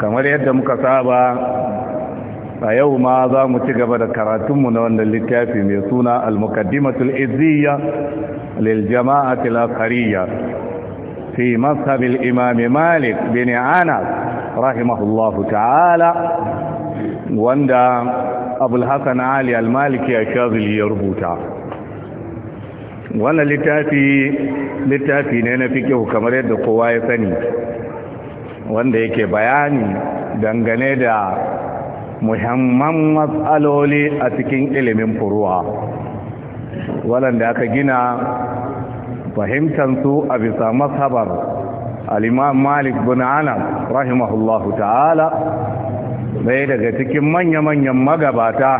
kamar yadda muka saba a yau ma za mu ci gaba da karatunmu na wannan littafi mai suna al-muqaddimatul izziya lil jama'atil akhariya fi mazhab al-imam malik bin anas rahimahullah ta'ala wanda abul hasan ali al-maliki ash-shazili ya rubuta wannan littafi littafi ne na fiqh kamar yadda kowa ya sani wanda yake bayani dangane da muhimman matsaloli a cikin ilimin furuwa waɗanda aka gina fahimtansu a bisa mashabar al'imam malik bin anas rahimahullahu ta'ala ɗaya daga cikin manya-manyan magabata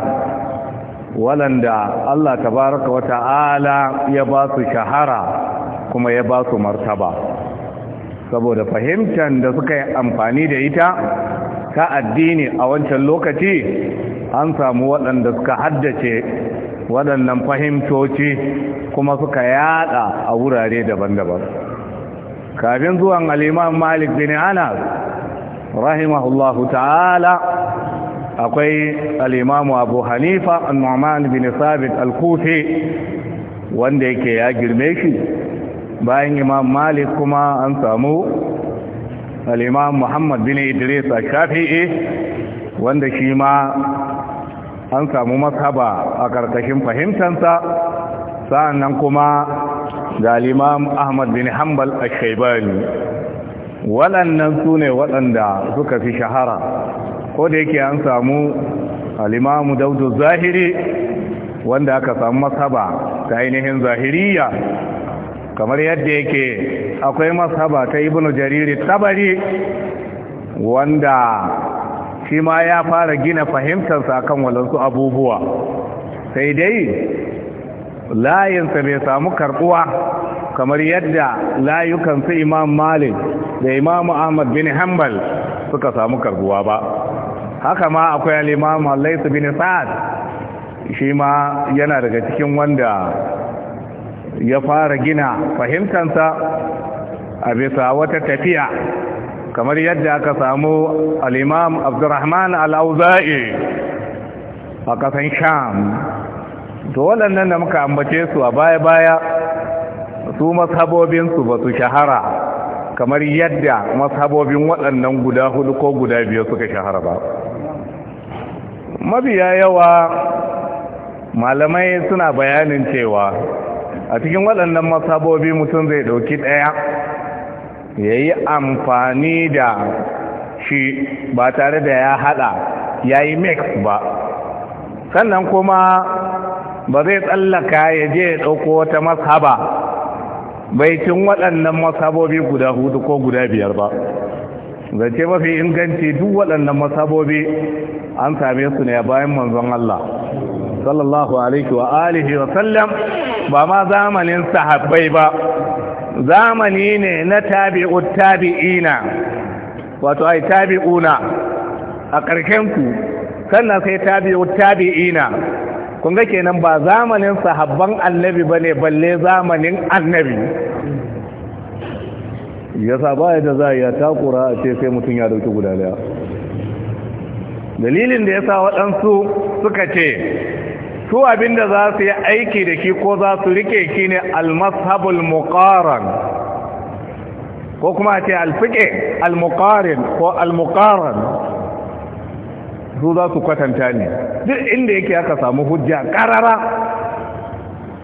waɗanda allah tabaraka wa ta'ala ya ba su shahara kuma ya ba su martaba saboda fahimtar da suka yi amfani da ita ta addini a wancan lokaci an samu waɗanda suka haddace waɗannan fahimtoci kuma suka yada a wurare daban-daban kafin zuwan al'imam malik bin anas rahimahullahu ta'ala akwai al'imamu abu hanifa al muamman bin sabit al-kufi wanda yake ya girme shi bayan imam malik kuma an samu al'imam muhammad bin idris a shafi'i wanda shi ma an samu mashaba a ƙarƙashin fahimtansa nan kuma ga al'imam ahmad bin hanbal a shaibani waɗannan su ne waɗanda suka fi shahara ko da yake an samu al'imamu daudu zahiri wanda aka samu mashaba ta ainihin zahiriya kamar yadda yake akwai mashaba ta ibnu jariri tabari wanda shi ma ya fara gina fahimtarsa kan walansu abubuwa sai dai layinsa bai samu karbuwa kamar yadda layukansu imam malik da imam ahmad bin hanbal suka samu karbuwa ba haka ma akwai al'imam allaisu bin sa'ad shi ma yana daga cikin wanda ya fara gina fahimtansa a bisa wata tafiya kamar yadda aka samu al'imam abdurrahman al'auza'i a ƙasan sham to waɗannan da muka ambace su a baya-baya su mashabobinsu ba su shahara kamar yadda mashabobin waɗannan guda hudu ko guda biyu suka shahara ba mabiya yawa malamai suna bayanin cewa a cikin waɗannan masabobi mutum zai ɗauki ɗaya ya yi amfani da shi ba tare da ya haɗa ya yi mix ba sannan kuma ba zai tsallaka ya je ya ɗauko wata mashaba cin waɗannan masabobi guda hudu ko guda biyar ba zance mafi inganci duk waɗannan masabobi an same su ne bayan manzon Allah sallallahu alaihi wa alihi wa sallam ba ma zamanin sahabbai ba zamani ne na tabi'u tabi'ina wato ai tabi'una a ƙarshen ku sannan sai tabi'u tabi'ina kun ga kenan ba zamanin sahabban annabi bane balle zamanin annabi ya saba da za ya takura a ce sai mutum ya dauki guda daya dalilin da yasa waɗansu suka ce su abinda za su yi aiki da ki ko za su rike ki ne almashabul muqaran ko kuma ce alfike almuqarin ko almuqaran su za su kwatanta ne duk inda yake aka samu hujja karara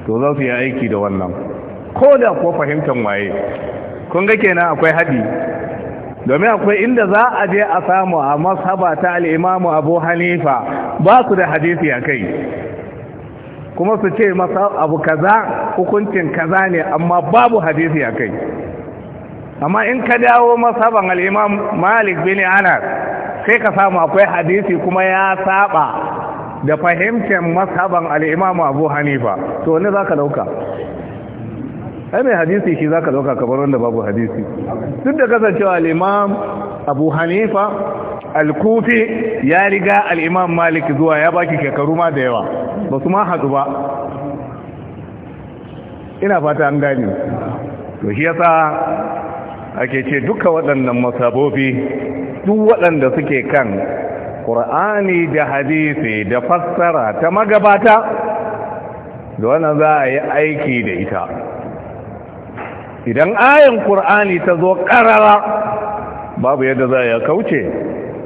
to za su yi aiki da wannan ko da ko fahimtar waye kun ga kenan akwai hadi domin akwai inda za a je a samu a mashaba ta al'imamu abu hanifa ba su da hadisi a kai kuma su ce masa abu kaza hukuncin kaza ne amma babu hadisi a kai amma in ka dawo masaban al'imam malik bin anas sai ka samu akwai hadisi kuma ya saba da fahimtar masaban al'imam abu hanifa to wani za ka dauka ai mai hadisi shi zaka dauka kabar wanda babu hadisi duk da kasancewa al-imam Abu Hanifa al-Kufi ya riga al-imam Malik zuwa ya baki shekaru ma da yawa ba su ma hadu ba ina fata an gani to shi yasa ake ce duka waɗannan masabobi duk waɗanda suke kan Qur'ani da hadisi da fassara ta magabata da wannan za a yi aiki da ita idan ayan qur'ani ta zo karara babu yadda za ya kauce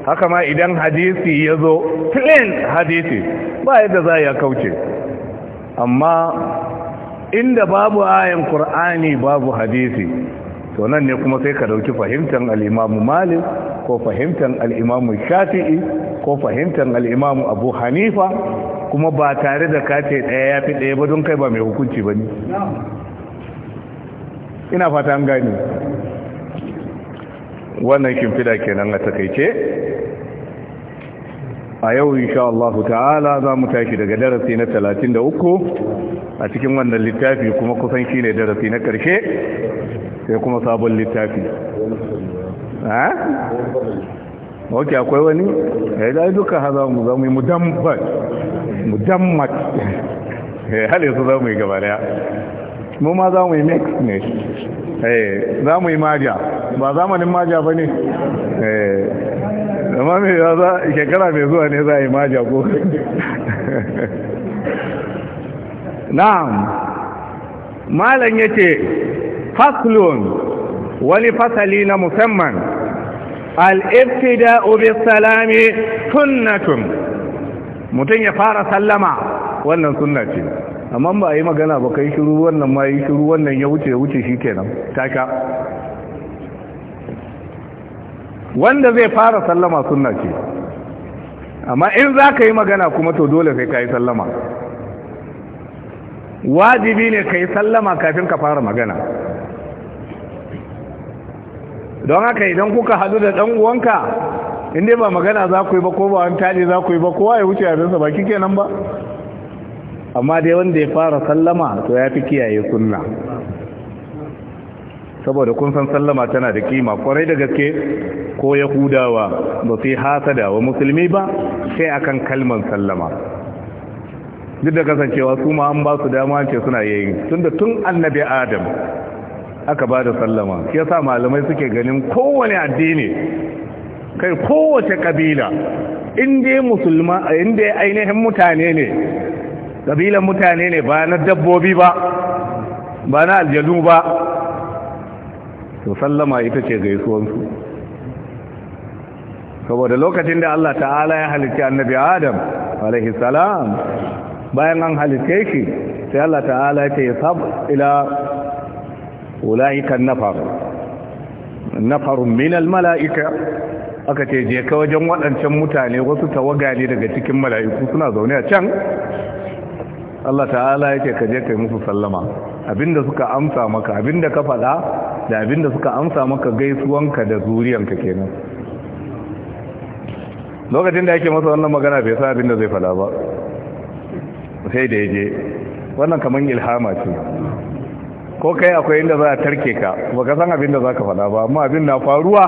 haka ma idan hadisi ya zo plain hadisi ba yadda za ya kauce amma inda babu ayan qur'ani babu hadisi to nan ne kuma sai ka dauki fahimtar al-imamu malik ko fahimtar al-imamu shafi'i ko fahimtar al-imamu abu hanifa kuma ba tare da kace ɗaya ya fi ɗaya ba don kai ba mai hukunci ba ne ina fata an gani wannan kimfida kenan a takaice a yau insha Allah ta'ala za mu tashi daga darasi na 33 a cikin wannan littafi kuma kusan shi ne darasi na ƙarshe sai kuma sabon littafi ha? ok akwai wani? ya eh, da duka haza mu za mu yi mudammat mudammat eh, hali su za mu yi gaba daya mu ma za mu yi mix ne eh za mu yi maja ba zamanin maja ba ne eh amma me za shekara mai zuwa ne za a yi maja ko na'am malam ce faslun wani fasali na musamman al-ibtida'u bis-salami sunnatun mutum ya fara sallama wannan sunna ce amma ba a yi magana ba kai shiru wannan ma yi shiru wannan ya wuce ya wuce shi kenan taka wanda zai fara sallama suna ce amma in za ka yi magana kuma to dole sai ka yi sallama wajibi ne ka yi sallama kafin ka fara magana don haka idan kuka hadu da ɗan uwanka inda ba magana za ku yi ba ko ba wani tali za ku yi ba kowa ya wuce a ba kike nan ba amma dai wanda ya fara sallama to ya fi kiyaye sunna saboda kun san sallama tana da kima kwarai da gaske ko yahudawa ba su yi hasada wa musulmi ba sai akan kalman sallama duk da kasancewa su ma an ba su dama ce suna yayi tunda tun annabi adam aka ba da sallama shi yasa malamai suke ganin kowane addini kai kowace kabila in dai musulma in ainihin mutane ne ƙabilan mutane ne ba na dabbobi ba ba na aljanu ba to sallama ita ce gaisuwansu saboda lokacin da Allah ta'ala ya halitta annabi Adam alaihi salam bayan an halitta shi sai Allah ta'ala ya ce sab ila ulaika nafar nafar min mala'ika, aka ce je ka wajen waɗancan mutane wasu tawaga ne daga cikin mala'iku suna zaune a can Allah ta'ala yake ka je kai musu sallama abinda suka amsa maka abinda ka faɗa da abinda suka amsa maka gaisuwanka da zuriyanka kenan lokacin da yake masa wannan magana bai sa abinda zai faɗa ba sai da yaje wannan kaman ilhama ce ko kai akwai inda za a tarke ka ba ka san abinda za ka faɗa ba amma abin na faruwa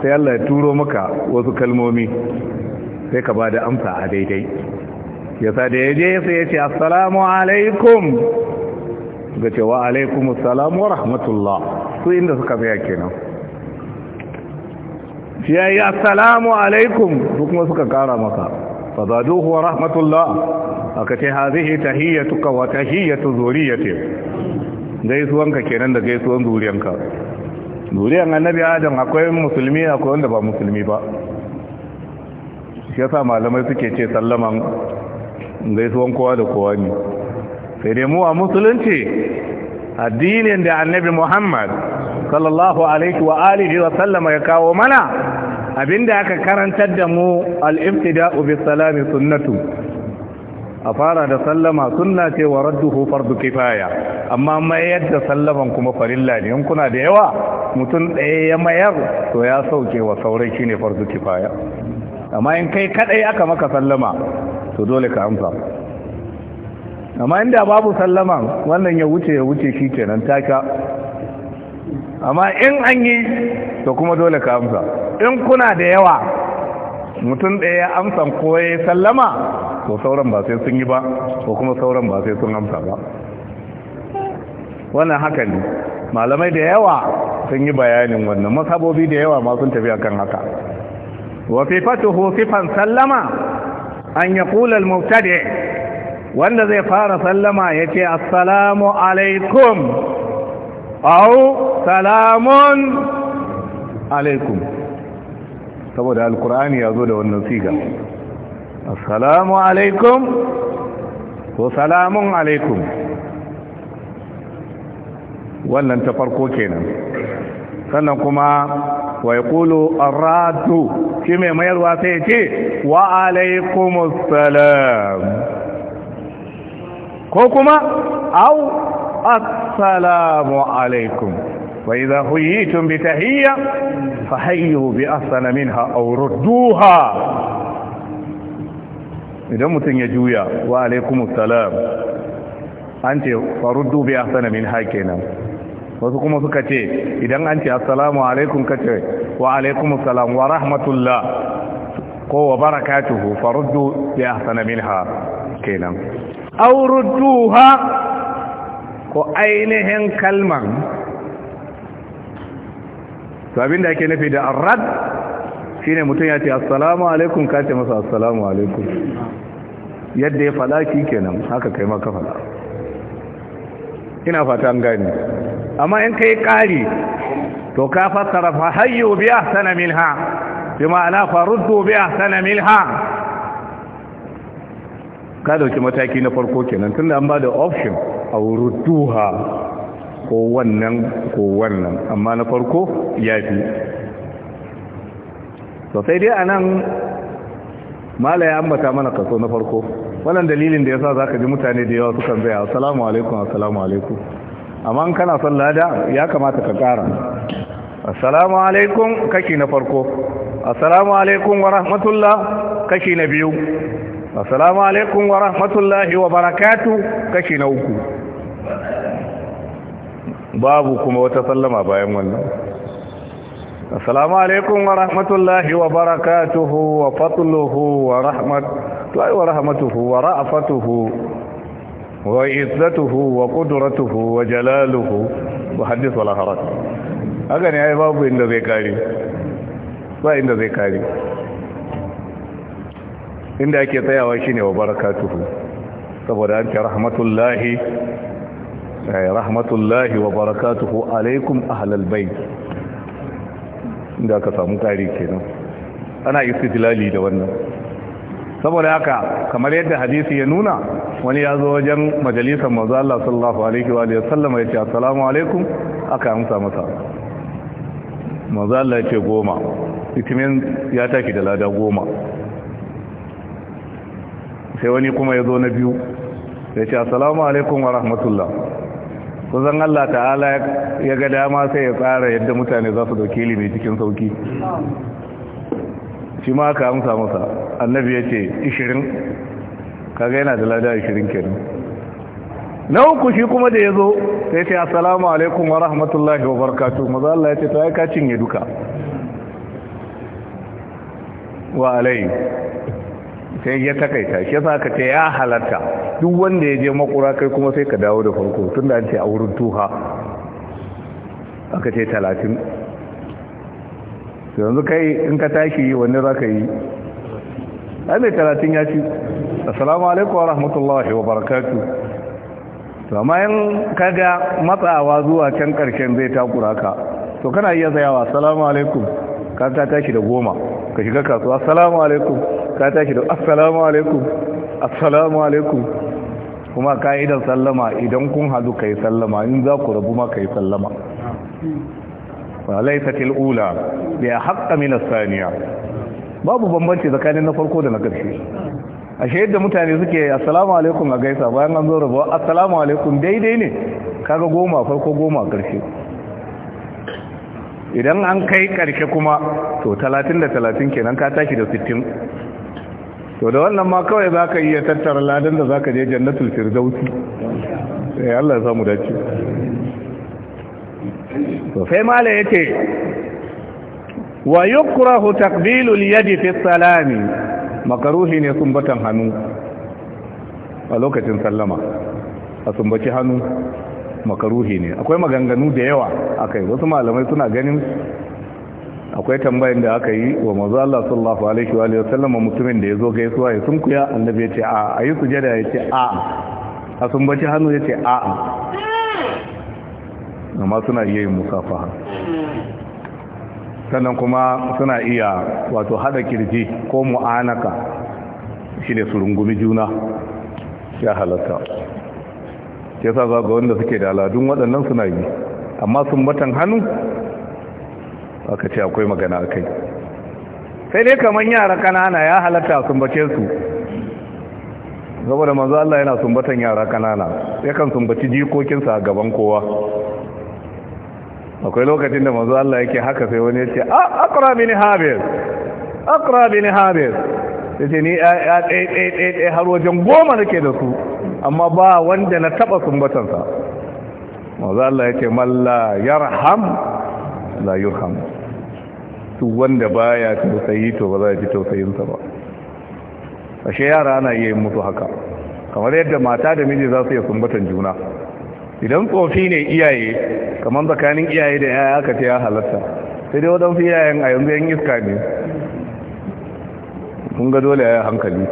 sai Allah ya turo maka wasu kalmomi sai ka ba da amsa a daidai Ya da ya je sai ya ce assalamu alaikum ga ce wa alaikum assalamu wa rahmatullah su inda suka tsaya kenan shi ya yi assalamu alaikum su kuma suka kara masa fazaduhu wa rahmatullah aka ce hazihi tahiyyatuka wa tahiyyatu zuriyatik gaisuwanka kenan da gaisuwan zuriyanka zuriyan annabi adam akwai musulmi akwai wanda ba musulmi ba shi yasa malamai suke ce sallaman gaisuwan kowa da kowa ne sai dai mu a musulunci addinin da annabi muhammad sallallahu alaihi wa alihi wa sallama ya kawo mana abinda aka karantar da mu al-ibtida'u bis salami sunnatu a fara da sallama sunna ce wa radduhu fardu kifaya amma mayar da sallaman kuma farilla ne in kuna da yawa mutum ɗaya ya mayar to ya sauke wa saurai shine fardu kifaya amma in kai kadai aka maka sallama to dole ka amsa amma inda babu sallama wannan ya wuce ya wuce shi kenan taka amma in an yi to kuma dole ka amsa in kuna da yawa mutum ɗaya ya amsa ko ya sallama to sauran ba sai sun yi ba ko kuma sauran ba sai sun amsa ba wannan haka ne malamai da yawa sun yi bayanin wannan masabobi da yawa ma sun tafi akan haka wa sifatuhu sifan sallama an ya kulal mubtadi wanda zai fara sallama ya ce assalamu alaikum au salamun alaikum saboda alkur'ani ya zo da wannan siga assalamu alaikum ko salamun alaikum wannan ta farko kenan sannan kuma wai Kulu ar-raddu shi mai mayarwa sai ce wa alaikumus salam ko kuma au assalamu alaikum wa idha huyitum bi tahiyya fahayyu bi ahsana minha aw rudduha idan mutum ya juya wa alaikumus salam an ce faruddu bi ahsana minha kenan wasu kuma suka ce idan an ce assalamu alaikum ka ce wa alaikum assalam wa rahmatullah ko wa barakatuhu faruddu bi ahsana minha kenan aw rudduha ko ainihin kalman to abin da ake nufi da arrad shine mutum ya ce assalamu alaikum ka ce masa assalamu alaikum yadda ya fada kenan haka kai ma ka fada ina fata an gani amma in kai ƙari to ka fassara fa hayyu bi ahsana minha bi ma'ana fa ruddu bi ahsana minha ka dauki mataki na farko kenan tunda an bada option aw rudduha ko wannan ko wannan amma na farko yafi to sai dai anan mala ya ambata mana kaso na farko wannan dalilin da yasa zaka ji mutane da yawa sukan zaya assalamu alaikum assalamu alaikum amma kana son lada ya kamata ka kara assalamu alaikum kashi na farko assalamu alaikum wa rahmatullah kashi na biyu assalamu alaikum wa rahmatullahi wa barakatu kashi na uku babu kuma wata sallama bayan wannan assalamu alaikum wa rahmatullahi wa barakatuhu wa fadluhu wa rahmat wa rahmatuhu wa ra'afatuhu وعزته وقدرته وجلاله وحدث ولا حرج haka ne ya yi babu inda zai kare ba inda zai kare inda ake tsayawa shi ne wa barakatuhu saboda an ce rahmatullahi rahmatullahi wa barakatuhu alaikum ahlal bait inda aka samu kare kenan ana istidlali da wannan saboda haka kamar yadda hadisi ya nuna wani ya zo wajen majalisar manzo sallallahu alaihi wa sallam ya ce assalamu alaikum aka amsa masa manzo ya ce goma itimin ya taki da lada goma sai wani kuma ya zo na biyu ya ce assalamu alaikum wa rahmatullah kusan Allah ta'ala ya ga dama sai ya tsara yadda mutane za su dauki ilimi cikin sauki shi ma aka amsa masa annabi ya ce kaga yana da lada 20 kenan na uku shi kuma da ya zo sai ce assalamu alaikum wa rahmatullahi wa barakatu maza Allah ya ce ta aika cinye duka wa alai sai ya takaita shi yasa ka ce ya halatta duk wanda ya je makura kai kuma sai ka dawo da farko tun da an ce a wurin tuha aka ce talatin yanzu kai in ka tashi wanda za ka yi ai mai talatin ya ci assalamu alaikum wa rahmatullahi wa barakatu to amma in kaga matsawa zuwa can karshen zai takura ka to kana iya tsayawa assalamu alaikum ka ta tashi da goma ka shiga kasuwa assalamu alaikum ka tashi da assalamu alaikum assalamu alaikum kuma da sallama idan kun hadu kai sallama in za ku rabu ma kai sallama wa laysatil ula bi haqqa min as saniya babu bambanci tsakanin na farko da na ƙarshe ashe yadda mutane suke assalamu alaikum a gaisa bayan an zo rabuwa assalamu alaikum daidai ne kaga goma farko goma karshe idan an kai karshe kuma to talatin da talatin kenan ka tashi da sittin to da wannan ma kawai za ka iya tattara ladan da za ka je jannatul firdausi sai eh, Allah ya samu dace to sai mala yace wa yukrahu taqbilul yadi fi salami makaruhi ne sumbatan hannu a lokacin sallama a sumbaci hannu makaruhi ne akwai maganganu da yawa akai wasu malamai suna ganin akwai tambayin da aka yi wa mazu Allah sallallahu alaihi wa alihi wasallam mutumin da yi gaisuwa ya sunkuya annabi ya ce a ayi sujada ya ce a a sumbaci hannu ya ce a amma suna iya yin musafaha sannan kuma suna iya wato hada kirji ko mu'anaka shi ne su rungumi juna ya halatta ya sa za ga wanda suke da aladun waɗannan suna yi amma sun batan hannu aka ce akwai magana a kai sai dai kamar yara kanana ya halatta sumbace su saboda manzo Allah yana sumbatan yara kanana yakan sumbaci jikokinsa a gaban kowa akwai lokacin da mazu Allah yake haka sai wani ya ce ah, aqra bin habis aqra bin habis ce ni ya dai dai dai har wajen goma nake da su amma ba wanda na taba sumbatansa. sa Allah Allah yake malla yarham la yurham su wanda baya tausayi to ba za ji tausayin sa ba ashe yara ana iya yin mutu haka kamar yadda mata da miji za su iya sumbatan juna idan tsofi ne iyaye kamar tsakanin iyaye da yaya aka ce ya halatta sai dai waɗansu iyayen a yanzu yan iska ne kun ga dole ya hankali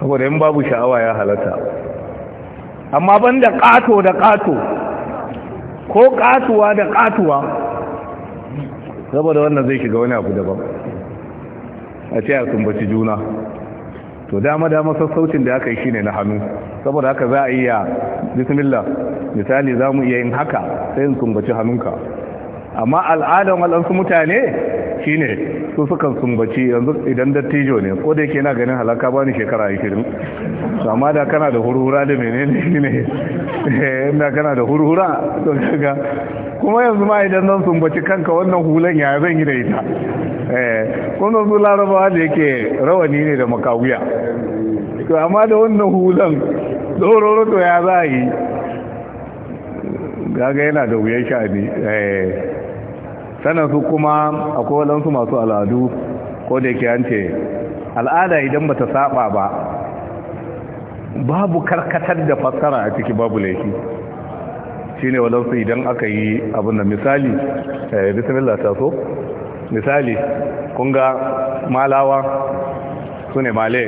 saboda yin babu sha'awa ya halatta amma ban da ƙato da ƙato ko ƙatuwa da ƙatuwa saboda wannan zai shiga wani abu daban a ce a sumbaci juna to dama dama sassaucin da aka yi shine na hannu saboda haka za a iya bismillah misali za mu iya yin haka sai in sumbaci hannunka amma al'adan waɗansu mutane tsofaffi ne su sukan sumbaci yanzu idan dattijo ne ko da yake na ganin halaka ni shekara ne to amma da kana da hurhura da menene shine ne eh, inda kana da hurhura to kaga kuma yanzu ma idan zan sumbaci kanka wannan hulan ya zan yi da ita eh kuma su larabawa da yake rawani ne da makawuya to amma da wannan hulan dororo to ya za yi gaga yana da wuyan sha'ani eh sannan su kuma akwai waɗansu masu al'adu ko da yake yance al'ada idan ba ta saba ba babu karkatar da fassara a ciki babu laifi shine waɗansu idan aka yi abin da misali eh, bismillah ta so misali kunga malawa su ne male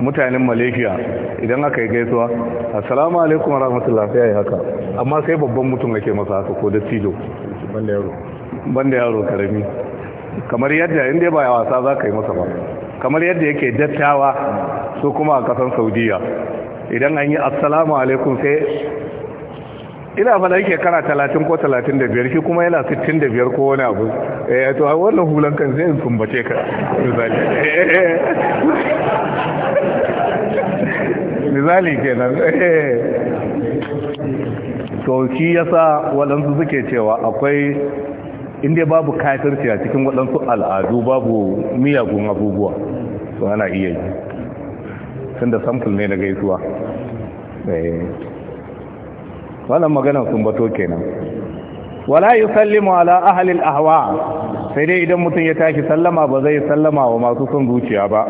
mutanen malaysia idan aka yi gaisuwa assalamu alaikum warahmatullahi rahmatullahi haka amma sai babban mutum ake masa haka ko da banda yaro banda yaro karami kamar yadda inda ba ya wasa za ka yi masa ba kamar yadda yake dattawa su kuma a kasan saudiya idan an yi assalamu alaikum sai ina fada yake kara talatin ko talatin da biyar shi kuma yana sittin da biyar ko wani abu eh to wannan hulan kan zai sumbace ka misali misali kenan eh to shi yasa waɗansu suke cewa akwai inda babu kafirci a cikin waɗansu al'adu babu miyagun abubuwa su ana iya yi sun da samfil ne na gaisuwa eh. wannan magana sun bato kenan wala yi sallima ala ahalil ahwa sai dai idan mutum ya tashi sallama ba zai sallama wa masu son zuciya ba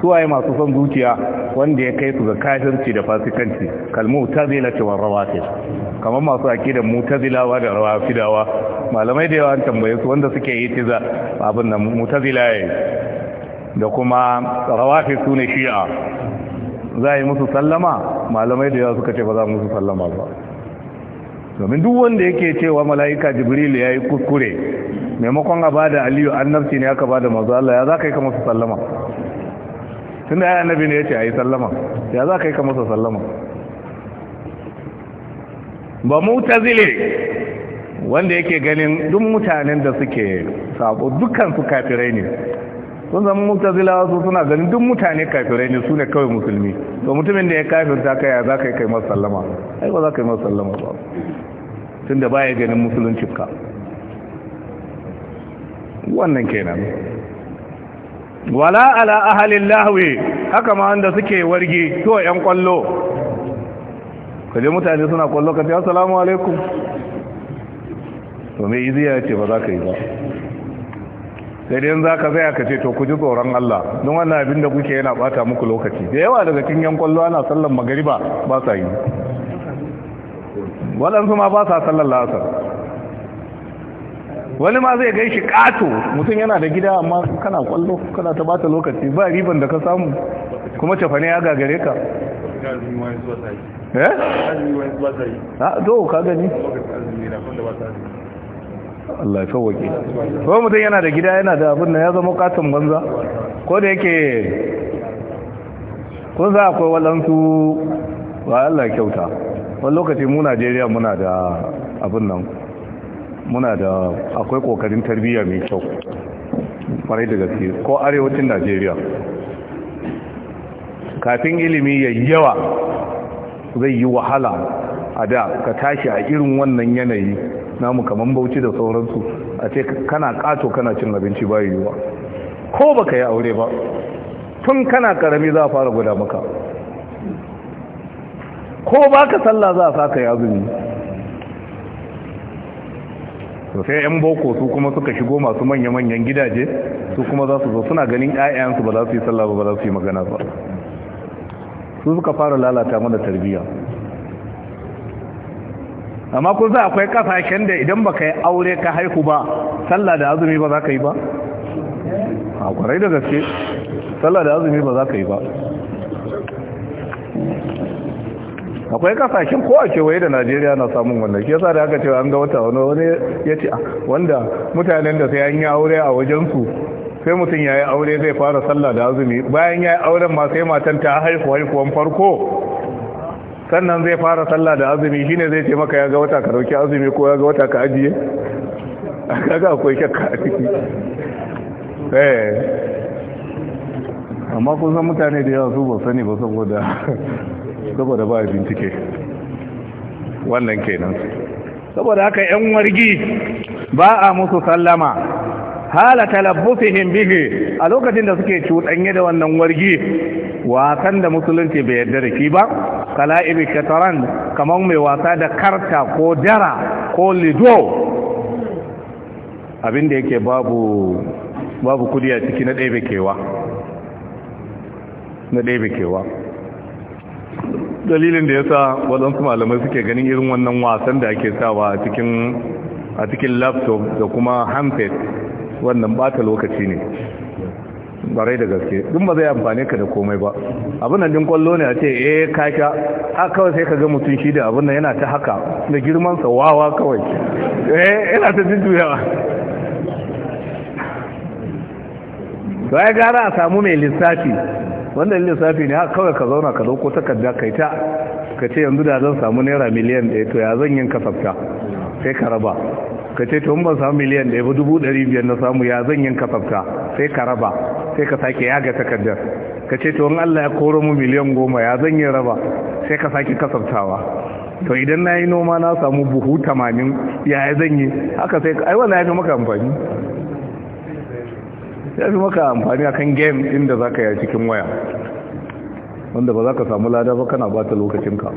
suwaye masu son zuciya wanda ya kai su ga kafirci da fasikanci kalmu zila ce wan rawafid kamar masu akidan mutazilawa da rawafidawa malamai da yawa an tambaye su wanda suke yi tiza abin nan mutazila yi da kuma su sune shi'a za yi musu sallama malamai da yawa suka ce ba za musu sallama ba domin duk wanda yake cewa mala'ika jibril ya yi kuskure maimakon a da aliyu annabci ne aka ba mazu Allah ya za ka yi ka musu sallama tun da ya annabi ne ya ce a yi sallama ya za ka yi ka masa sallama ba mu ta zile wanda yake ganin duk mutanen da suke sabo dukansu kafirai ne sun zama zile wasu suna ganin duk mutane kafirai ne su ne kawai musulmi to mutumin da ya kafirta kai za ka yi kai masu sallama ai ba za ka yi masu sallama ba tun da ya ganin musulun ka wannan kenan wala ala ahalin lahwe haka ma wanda suke warge to yan kwallo kaje mutane suna kwallo ka assalamu alaikum to mai ya ce ba za ka yi ba sai dai za ka zaya ka ce to ku ji tsoron Allah don wannan abin da kuke yana bata muku lokaci da yawa daga cikin yan kwallo ana sallan magariba ba sa yi waɗansu ma ba sa sallan la'asar wani ma zai gaishi kato mutum yana da gida amma kana kwallo kana ta bata lokaci ba riban da ka samu kuma cefane ya gagare ka eh? ah, Allah ya ke. ko mutum yana da gida yana da abin da ya zama katon banza ko da yake kun za akwai walansu ba Allah kyauta wani lokaci mu Najeriya muna da abin nan muna da akwai kokarin tarbiyya mai kyau kwarai da gaske ko arewacin najeriya kafin ilimi ya yawa zai yi wahala a da ka tashi a irin wannan yanayi namu kaman bauchi da sauransu a ce kana kato kana cin abinci ba yiwuwa ko baka yi aure ba tun kana karami za a fara guda maka ko baka sallah za a saka ya azumi to sai yan boko su kuma suka shigo masu manya-manyan gidaje su kuma za su zo suna ganin ƴaƴansu ba za su yi sallah ba za su yi magana ba su suka fara lalata mana tarbiyya amma kun za akwai kasashen da idan baka yi aure ka haihu ba sallah da azumi ba za ka yi ba a kwarai da gaske sallah da azumi ba za ka yi ba akwai kasashen ko a kewaye da najeriya na samun wannan shi yasa da aka cewa an ga wata wani wani ya ce ah, wanda mutanen da sai an yi aure a wajensu sai mutum ya yi aure zai fara sallah da azumi bayan ya yi auren ma sai matan ta haifu haifuwan farko sannan zai fara sallah da azumi shine zai ce maka ya ga wata ka dauki azumi ko ya ga wata ka ajiye kaga akwai shakka a ciki eh amma kun san mutane da yawa su ba sani ba saboda saboda ba bincike wannan kenan saboda haka yan wargi ba a musu sallama hala talabbufihim bihi a lokacin da suke cuɗanye da wannan wargi wasan da musulunci bai yarda da shi ba kala'ibi kataran kamar mai wasa da karta ko dara ko lido abinda yake babu babu kudi a ciki na ɗaya kewa na ɗaya kewa dalilin da ya sa waɗansu malamai suke ganin irin wannan wasan da ake sawa a cikin laptop da kuma handset wannan bata lokaci ne barai da gaske duk ba zai amfane ka da komai ba abin nan din kwallo ne a ce eh kaka a kawai sai ka ga mutum shi da abin nan yana ta haka da girman sa wawa kawai eh yana ta jujjuyawa to ya gara a samu mai lissafi wannan lissafi ne haka kawai ka zauna ka dauko takarda kai ta ka ce yanzu da zan samu naira miliyan ɗaya to ya zan yin kasafta sai ka raba ka ce to ban samu miliyan ɗaya ba dubu ɗari biyar na samu ya zan yin kasafta sai ka raba sai ka sake yaga takardar ka ce to in Allah ya koro mu miliyan goma ya zan yin raba sai ka sake kasaftawa to idan na yi noma na samu buhu tamanin ya zan yi haka sai ai wannan ya fi maka amfani ya fi maka amfani a kan game inda za ka yi cikin waya wanda ba za ka samu lada ba kana ba ta lokacinka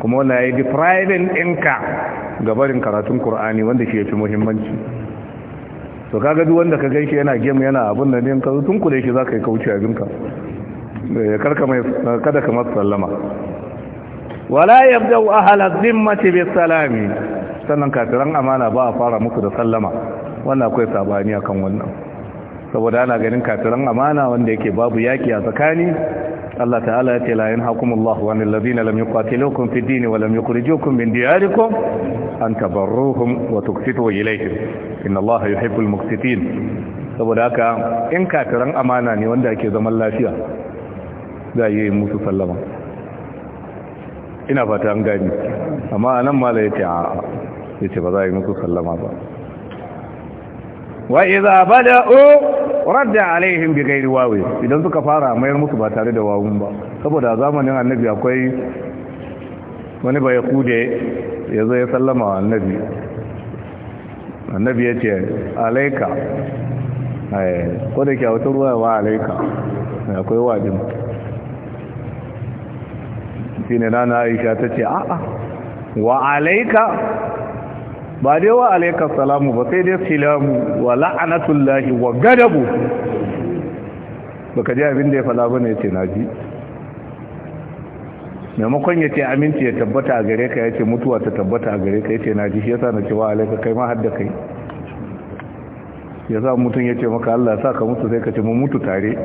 kuma wanda ya yi depriving ɗinka gabarin karatun Kur'ani wanda shi ya fi muhimmanci to ka duk wanda ka gan shi yana game yana abin da ne ka tun kula shi za ka yi kauce a ya eh, karka mai kada ka masu sallama wala yabda'u ahla dhimmati salami sannan kafiran amana ba a fara muku da sallama wannan akwai sabani akan wannan saboda ana ganin kafiran amana wanda yake babu yaki a tsakani Allah ta'ala ya ce la yanhaqumullahu 'anil ladina lam kun fi din wa lam yukhrijukum min diyarikum an tabarruhum wa tuqsitu ilayhim inna Allaha yuhibbul muqsitin saboda haka in kafiran amana ne wanda ke zaman lafiya za a yi musu sallama ina fata an gani amma anan mala yace ya ce ba za a yi musu sallama ba wa idza bada'u radda alaihim bi ghairi wawi idan suka fara mayar musu ba tare da wawun ba saboda zamanin annabi akwai wani kude ya zo ya sallama wa annabi annabi ya ce alaika eh ko da ke wata ruwa wa alaika eh, akwai wadin shine nana Aisha ta ce a'a wa alaika ba dai wa alaikar salamu ba sai dai silamu wa lahi wa gadabu baka ji abin da ya fada bane ya ce na ji maimakon ya ce aminci ya tabbata a gare ka ya ce mutuwa ta tabbata a gare ka ya ce na ji shi ya sa na ce wa alaikar kai ma hadda kai ya sa mutum ya ce maka Allah sa ka mutu sai ka ce mu mutu tare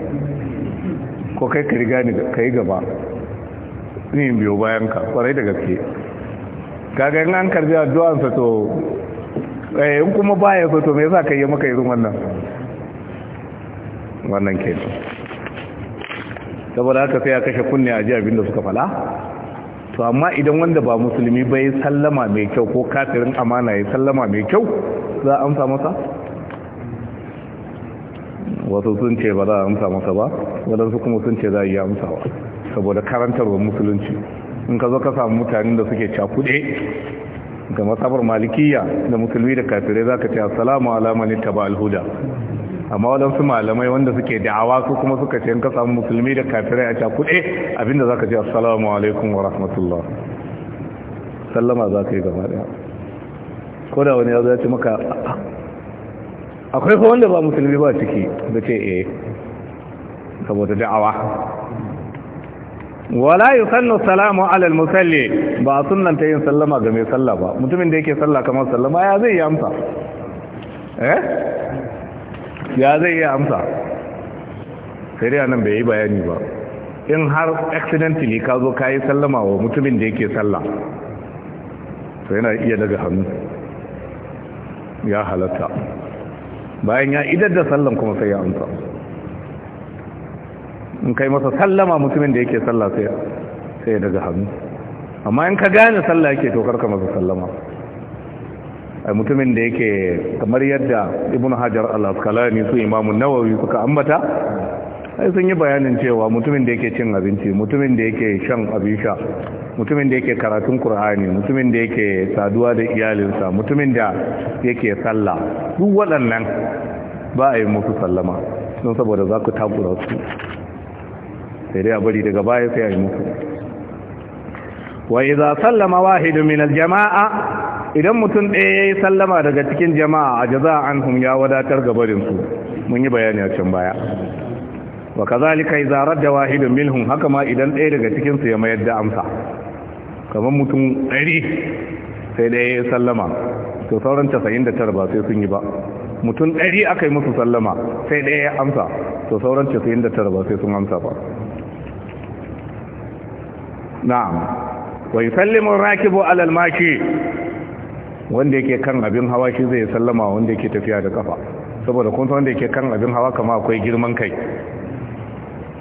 ko kai ka riga ni ka yi gaba ni biyo bayan ka kwarai da gaske kaga yin an karbi addu'ansa to eh, in kuma baya so to me yasa yi maka irin wannan wannan kenan saboda haka sai ya kashe kunne a ji abin suka fala to amma idan wanda ba musulmi ba yi sallama mai kyau ko kafirin amana ya sallama mai kyau za a amsa masa wasu sun ce ba za a amsa masa ba wadansu kuma sun ce za a yi amsawa saboda karantarwar musulunci in ka zo ka samu mutanen da suke cakuɗe ga matsabar malikiya da musulmi da kafirai za ka ce assalamu alamani taba alhuda amma waɗansu malamai wanda suke da'awa su kuma suka ce in ka samu musulmi da kafirai a cakuɗe abinda za ka ce assalamu alaikum wa rahmatullah sallama za ka yi gaba ɗaya ko da wani ya zo ya ce maka akwai ko wanda ba musulmi ba ciki da ce eh saboda da'awa wala yusallu salamu alal musalli ba sunnan ta yin sallama ga mai salla ba mutumin da yake salla kamar sallama ya zai yi amsa eh ya zai yi amsa sai dai nan bai yi bayani ba in har accidentally ka zo kayi sallama wa mutumin da yake salla to yana iya daga hannu ya halatta bayan ya idar da sallan kuma sai ya amsa in kai masa sallama mutumin da yake sallah sai sai daga hannu amma in ka gane sallah yake to karka masa sallama ai mutumin da yake kamar yadda ibnu hajar al-asqalani su imamu nawawi suka ambata ai sun yi bayanin cewa mutumin da yake cin abinci mutumin da yake shan abisha, mutumin da yake karatun qur'ani mutumin da yake saduwa da iyalinsa mutumin da yake sallah duk waɗannan ba a yi musu sallama don saboda za ku takura su sai dai a bari daga baya sai a yi muku wa idza sallama wahidu min aljamaa idan mutum ɗaya yayi sallama daga cikin jama'a ajza anhum ya wadatar ga barin su mun yi bayani a can baya wa kazalika idza radda wahidun minhum haka ma idan ɗaya daga cikin su ya mayar da amsa kamar mutum 100 sai ɗaya ya sallama to sauran 99 ba sai sun yi ba mutum 100 aka yi musu sallama sai ɗaya ya amsa to sauran 99 ba sai sun amsa ba na'am wa yusallimu rakibu al mashi wanda yake kan abin hawa shi zai sallama wanda yake tafiya da kafa saboda kun san wanda yake kan abin hawa kama akwai girman kai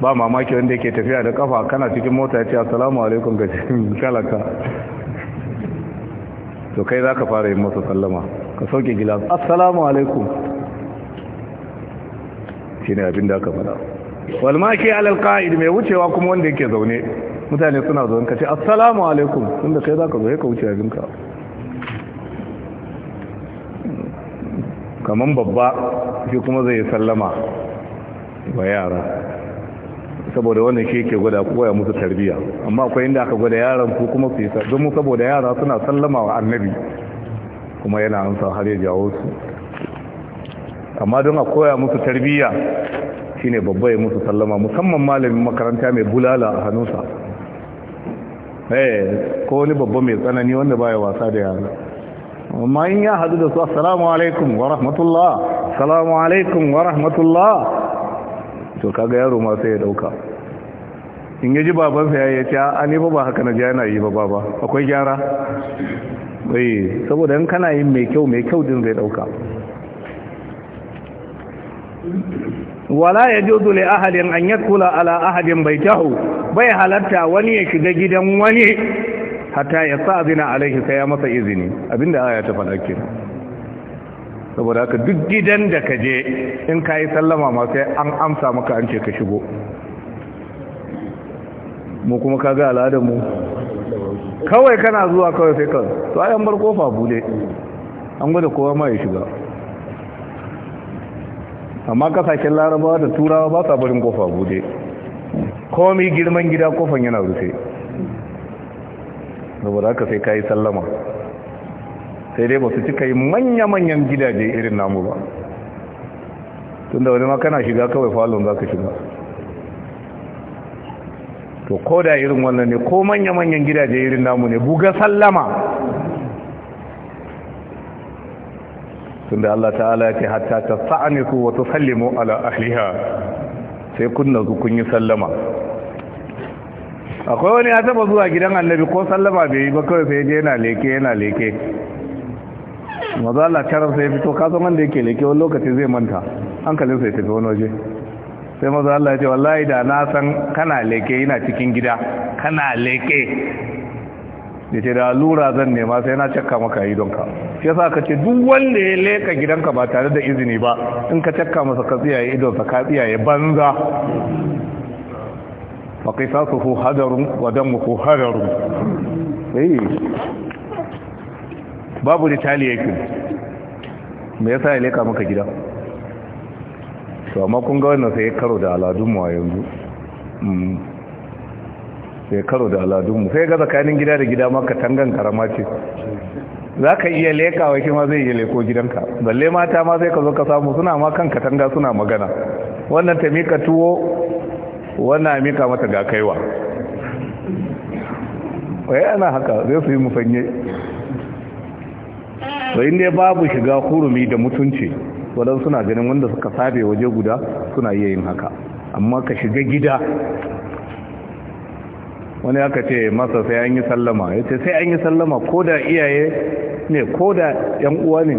ba mamaki wanda yake tafiya da kafa kana cikin mota yace assalamu alaikum ga cikin hmm, to kai za ka fara yin masa sallama ka sauke gilas assalamu alaikum shi ne abin da aka fada al-qa'id mai wucewa kuma wanda yake zaune mutane suna zuwan ka ce assalamu alaikum inda kai za ka zo ka wuce abinka kamar babba shi kuma zai sallama wa yara saboda wannan shi ke gwada koya musu tarbiya amma akwai inda aka gwada yaran ku kuma su yi don mu saboda yara suna sallama wa annabi kuma yana amsa har ya jawo su amma don a koya musu tarbiya shine babba ya musu sallama musamman malamin makaranta mai bulala a hannunsa Eh, ko wani babba mai tsanani wanda baya wasa da yara amma in ya hadu da su assalamu alaikum wa rahmatullah assalamu alaikum wa rahmatullah to kaga yaro ma sai ya dauka in yaji babansa ya ce a ne ba haka na ji yana yi ba baba akwai gyara eh saboda in kana yin mai kyau mai kyau din zai dauka wala ya juzu ahadin an kula ala ahadin taho bai halarta wani ya shiga gidan wani hatta ya sa sa'zina alaihi sai ya masa izini abinda aya ta faɗa ke saboda haka duk gidan da ka je in ka yi sallama ma sai an amsa maka an ce ka shigo mu kuma ka ga al'adar mu kawai kana zuwa kawai sai kawai to ayan bar kofa bude an gwada kowa ma ya shiga amma kasashen larabawa da turawa ba sa barin kofa bude komi girman gida kofan yana rufe saboda haka sai kayi sallama sai dai ba su cika yi manya-manyan gidaje irin namu ba tun da wani makana shiga kawai falon za ka shiga to ko irin wannan ne ko manya-manyan gidaje irin namu ne buga sallama tunda Allah ta'ala ya ce hatta ta sa'anisu wa tusallimu ala ahliha sai kunna kun yi sallama akwai wani ya taba zuwa gidan annabi ko sallama bai yi ba kawai sai je yana leke yana leke maza Allah tarar sai fito kasan wanda yake leke wani lokaci zai manta hankalin sai tafi wani waje sai maza Allah ya ce wallahi da na san kana leke yana cikin gida kana leke ya ce da allura zan nema sai na cakka maka idonka shi yasa ka ce duk wanda ya leka gidanka ba tare da izini ba in ka cakka masa ka tsiyaye sa ka tsiyaye banza fa qisasuhu hadarun wa mu hadarun eh babu tali yake me yasa ya leka maka gida to amma kun ga wannan sai karo da aladun mu a yanzu mm. sai karo da aladunmu sai ga tsakanin gida da gida maka tangan karama ce za ka iya leka wa kima zai iya leko gidanka balle mata ma sai ka zo ka samu suna ma kan katanga suna magana wannan ta mika tuwo wannan a mika mata ga kaiwa wai ana haka zai su yi mufanye bai ne babu shiga hurumi da mutunci wadansu suna ganin wanda suka sabe waje guda suna iya yin haka amma ka shiga gida wani aka ce masa sai an yi sallama ya ce sai an yi sallama ko da iyaye ne ko da yan uwa ne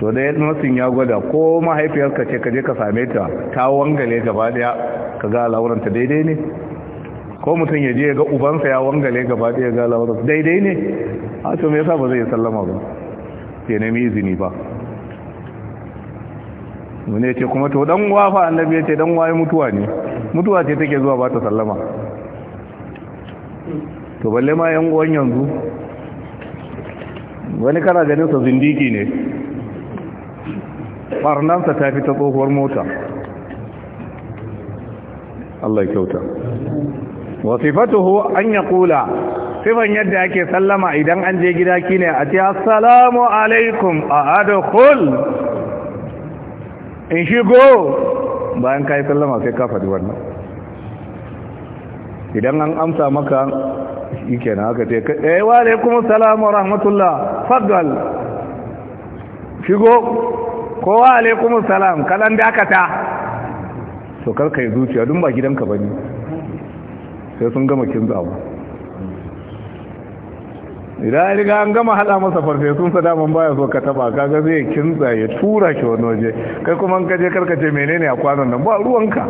to da yadda masin ya gwada ko mahaifiyarka ce kaje ka same ta ta wangale gaba daya ka ga Lauranta daidai ne ko mutum ya je ga ubansa ya wangale gaba daya ga Lauranta daidai ne a to me yasa ba zai sallama ba ke nemi izini ba mun ce kuma to dan uwa fa annabi ya ce dan uwa mutuwa ne mutuwa ce take zuwa ba ta sallama to balle ma yan uwan yanzu wani kana ganin sa zindiki ne barnansa ta fi ta tsohuwar mota Allah ya kyauta wasifatuhu an yaqula sifan yadda ake sallama idan an je gida kine a ce assalamu alaikum a adkhul in shigo bayan kai sallama sai ka faɗi wannan idan an amsa maka shi na haka teka eh wa alaikum kuma wa rahmatullah faddal shigo ko wa kuma salam kalan dakata so karka yi zuciya dun ba gidanka bane sai sun gama kinzawa idan riga an gama hada masa farfesun sa daman baya so ka taba kaga zai kinsa ya tura shi wani waje kai kuma an kaje karkace menene a kwanan nan ba ruwanka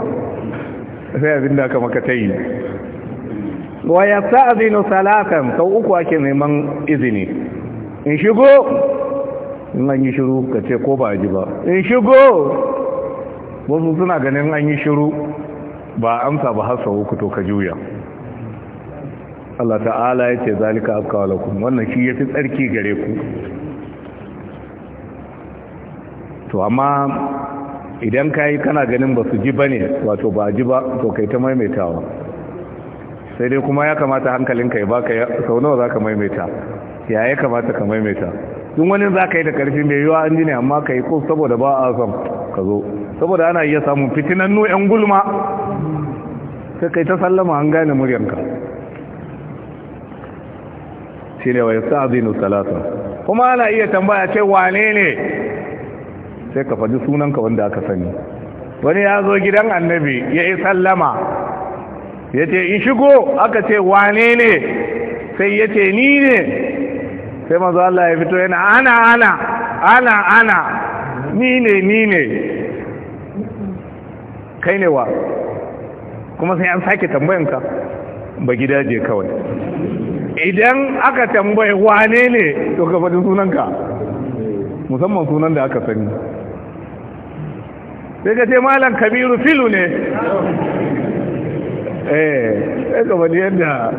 sai abin da aka maka ta yi wa ya sa'azinu salatan sau uku ake neman izini in shigo in an yi shiru ka ce ko ba a ji ba in shigo wasu suna ganin an yi shiru ba amsa ba har sau uku to ka juya Allah ta'ala ya ce zalika afkawa lakum wannan shi ya fi tsarki gare ku to amma idan ka yi kana ganin ba su ji ba ne wato ba ji ba to kai ta maimaitawa sai dai kuma ya kamata hankalinka ya baka sau nawa za ka maimaita ya ya kamata ka maimaita tun wani za ka yi da karfi mai yiwa an ji ne amma ka yi ko saboda ba a son ka zo saboda ana iya samun fitinannu 'yan gulma Ta kai ta sallama an gane muryanka shi ne wa yasa azinu salata kuma ana iya tambaya ce wane ne sai ka faɗi sunanka wanda aka sani wani ya zo gidan annabi ya yi sallama ya ce in shigo aka ce wane ne sai ya ce ni ne sai mazu Allah ya fito yana ana ana ana ana ni ne ni ne kai ne wa kuma sai an sake tambayanka ba gida je kawai idan aka tambayi wane ne to ka faɗi sunanka musamman sunan da aka sani sai ka ce malam kabiru filu ne eh sai ka faɗi yadda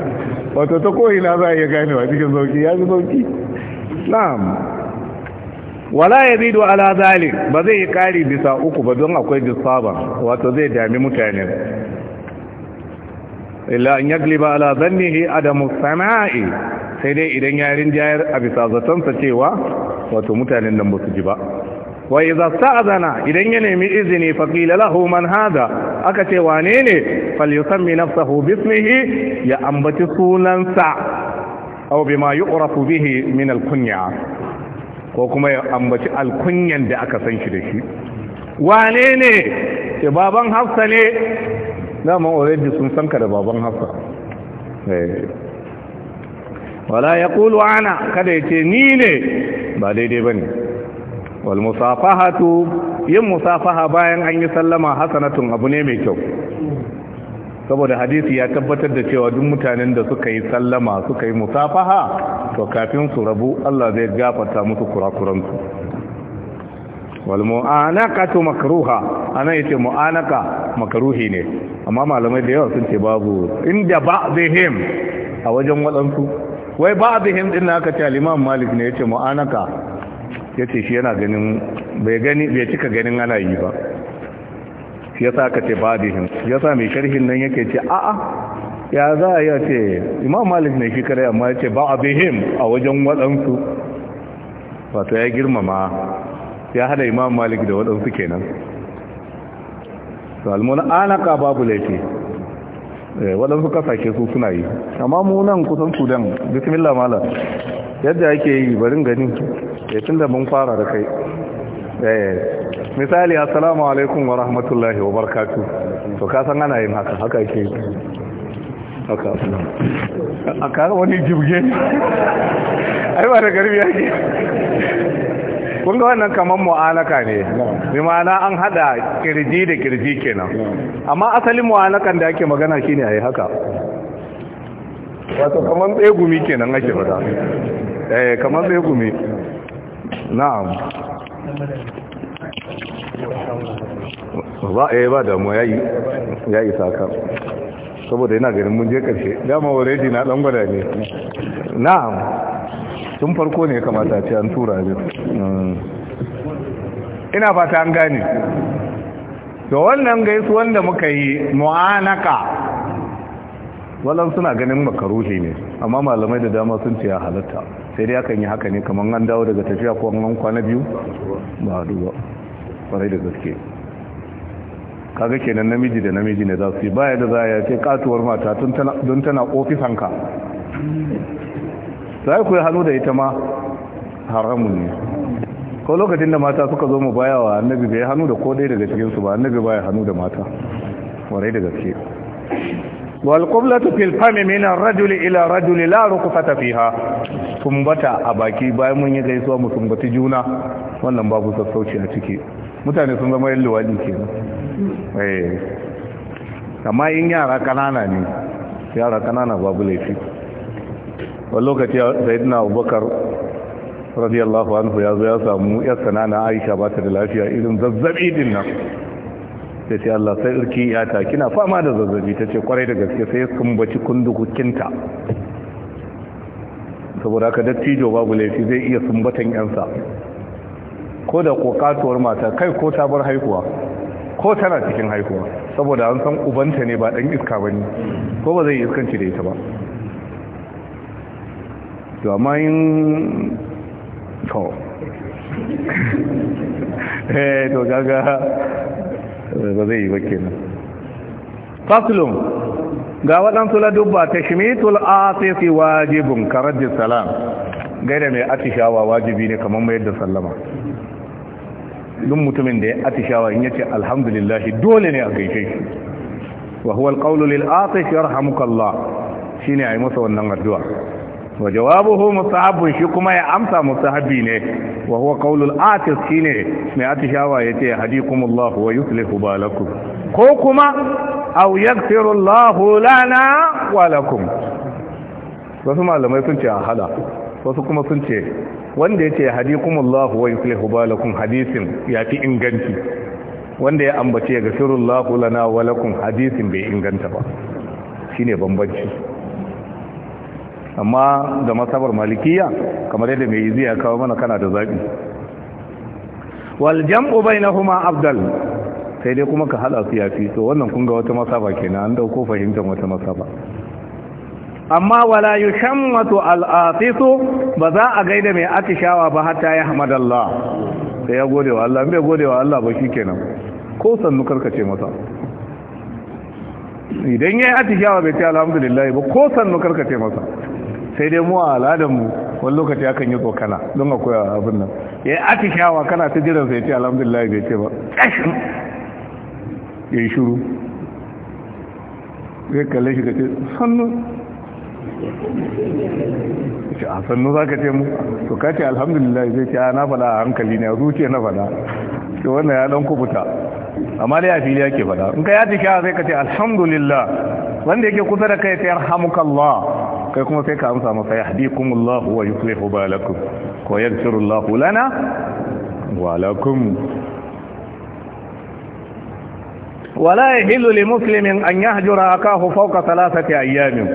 wato ta ko'ina za a iya wa cikin sauki ya fi sauki na'am wala ya zido ala zalik ba zai yi ƙari bisa uku ba don akwai disaba wato zai dami mutane illa an yagliba ala zannihi adamu sana'i sai dai idan yarin jayar a bisa zaton sa cewa wato mutanen nan ba su ji ba wa idza sta'zana idan ya nemi izini fa qila lahu man hada aka ce wane ne falyusammi nafsahu bismihi ya ambaci sunansa aw bima yu'rafu bihi min al-kunya ko kuma ya ambaci alkunyan da aka san shi da shi wane ne ce baban hafsa ne dama already sun san ka da baban hafsa eh. wala ya kulu ana kada ya ce ni ne ba daidai ba ne wal musafahatu yin musafaha bayan an yi sallama hasanatun abu ne mai kyau saboda hadisi ya tabbatar da cewa duk mutanen da suka yi sallama suka yi musafaha to kafin su rabu Allah zai gafarta musu kurakuransu wal mu'anaqatu makruha ana yace mu'anaka makruhi ne amma malamai da yawa sun ce babu inda ba'dihim a wajen wadansu wai ba'dihim din naka ce al-Imam Malik ne yace mu'anaka ya ce shi yana ganin bai gani bai cika ganin ana yi ba ya sa ka ce badihim ya sa mai sharhin nan yake ce a'a ya za a yi ce imam malik ne shi kare amma ya ce ba a bihim a wajen waɗansu wato ya girmama ya hada imam malik da waɗansu kenan salmon ka babu laifi eh, waɗansu kasashe su suna yi amma mu nan kusan sudan bismillah mala yadda ake yi barin gani ya eh, tun da mun fara da kai eh, misali assalamu alaikum wa rahmatullahi wa barkatu to ka san ana yin haka haka ke haka a kara wani jibge ai ba da garbi yake kun ga wannan kamar mu'alaka ne bi ma'ana an hada kirji da kirji kenan amma asalin mu'alakan da ake magana shine ai haka wato kamar tsegumi kenan ake fada eh kamar tsegumi. na'am ba eh, a yi ba damu ya yi saka saboda yana ganin mun je karshe dama wuri na dan gwada ne na'am sun farko ne kamata ce an tura ne hmm. ina fata an gane Da wannan gaisu wanda muka yi mu'anaka wallan suna ganin makaruhi ne amma malamai da dama sun ce ya halatta sai dai akan yi haka ne kamar an dawo daga tafiya ko an kwana biyu ba a duba kwarai da gaske kaga kenan namiji da namiji ne za su yi baya da za a yake katuwar mata don tana hanka za ku yi hannu da ita ma haramun ne ko lokacin da mata suka zo mu baya wa annabi bai hannu da ko ɗaya daga cikinsu ba annabi baya hannu da mata kwarai da gaske والقبلة في الفم من الرجل إلى رجل لا ركفة ha. tumbata a baki bayan mun yi gaisuwa mu tumbaci juna wannan babu sassauci a ciki mutane sun zama yin luwadi ke amma in yara kanana ne yara kanana babu laifi wani lokaci na abubakar radiyallahu anhu ya zo ya samu yar kanana aisha ba ta da lafiya irin zazzabi din nan ta ce Allah sai irki ta kina fama da zazzabi ta ce kwarai da gaske sai sun sumbaci kundukukinta saboda haka dattijo babu laifi zai iya sumbatan yansa ko da kokatuwar mata kai ko ta bar haikuwa ko tana cikin haikuwa saboda an san ubanta ne ba dan iska bane ko ba zai iskanci da ita ba to amma to eh to gaga ba zai yi ba kenan faslun ga waɗansu ladubba ta shimitul asisi wajibin karajin salam gaida mai atishawa wajibi ne kamar mayar da sallama duk mutumin da ya atishawa in yace alhamdulillah dole ne a gaishe shi wa huwa alqawlu lil shi yarhamukallah shine ayi masa wannan addu'a wa jawabuhu mustahabun shi kuma ya amsa mustahabi ne wa huwa qaulul atis shine mai atishawa yace hadikumullahu wa yuslihu balakum ko kuma aw yaghfirullahu lana wa lakum wasu malamai sun ce a hada wasu kuma sun ce wanda yace hadikumullahu wa yuslihu balakum hadisin ya fi inganci wanda ya ambace ga sirrullahu lana wa lakum hadisin bai inganta ba shine bambanci amma da masabar malikiya kamar yadda mai izi ya kawo mana kana da zaɓi wal na huma abdal sai dai kuma ka hada su ya fi to wannan kun ga wata masaba kenan an dauko fahimtar wata masaba amma wala shan wato atisu ba za a gaida mai atishawa ba hatta ya hamadallah sai ya gode wa Allah bai gode wa Allah ba shi kenan. ko sannu karkace masa idan ya yi atishawa bai ce alhamdulillah ba ko sannu karkace masa sai dai mu a al'adarmu wani lokaci akan yi tsokana don koya abin nan ya yi atishawa kana ta jiran sai ce alhamdulillah bai ce ba ƙashin ya yi shuru zai kalle shi ka ce sannu ce a sannu za ka ce mu to ka ce alhamdulillah zai ce na fada a hankali ne zuciya na fada ce wannan ya ɗan kubuta amma da ya fili ya ke fada in ka ya ce kyawa zai ka ce alhamdulillah wanda yake kusa da kai ta yarhamukallah kai kuma sai ka amsa masa yahdikumullahu wa yuslihu balakum ko yaghfirullahu lana wa lakum wala yahillu li muslimin an yahjura akahu fawqa thalathati ayyamin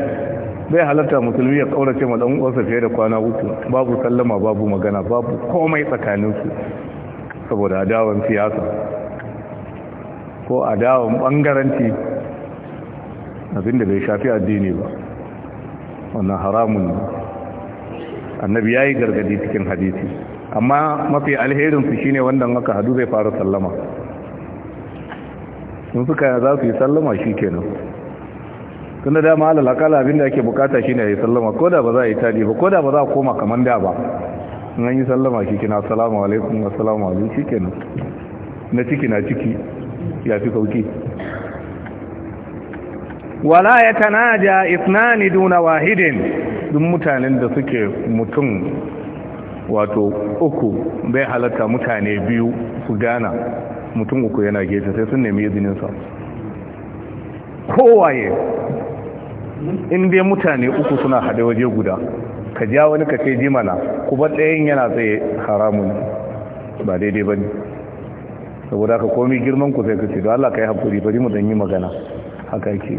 bai halatta musulmi ya kaurace ma dan uwansa fiye da kwana uku babu sallama babu magana babu komai tsakanin su saboda adawan siyasa ko adawan bangaranci abinda bai shafi addini ba wannan haramun ne annabi ya yi gargadi cikin hadisi amma mafi alherinsu shine wanda aka hadu zai fara sallama sun suka za su yi sallama shi kenan tun da dama ala lakala abinda ake bukata shine ya yi sallama ko da ba za a yi tali ba ko da ba za a koma kamar da ba in an yi sallama shi kina assalamu alaikum assalamu alaikum shi kenan na ciki na ciki ya fi sauki wala ya tanaja ni duna wahidin duk mutanen da suke mutum wato uku bai halatta mutane biyu su gana mutum uku yana gefe sai sun nemi izininsa kowaye in dai mutane uku suna haɗe waje guda ka ja wani ka ce jimana kuma ɗayan yana tsaye haramun ba daidai ba ne saboda ka komi girman ku sai ka ce da Allah ka yi haƙuri bari mu ɗan yi magana haka ke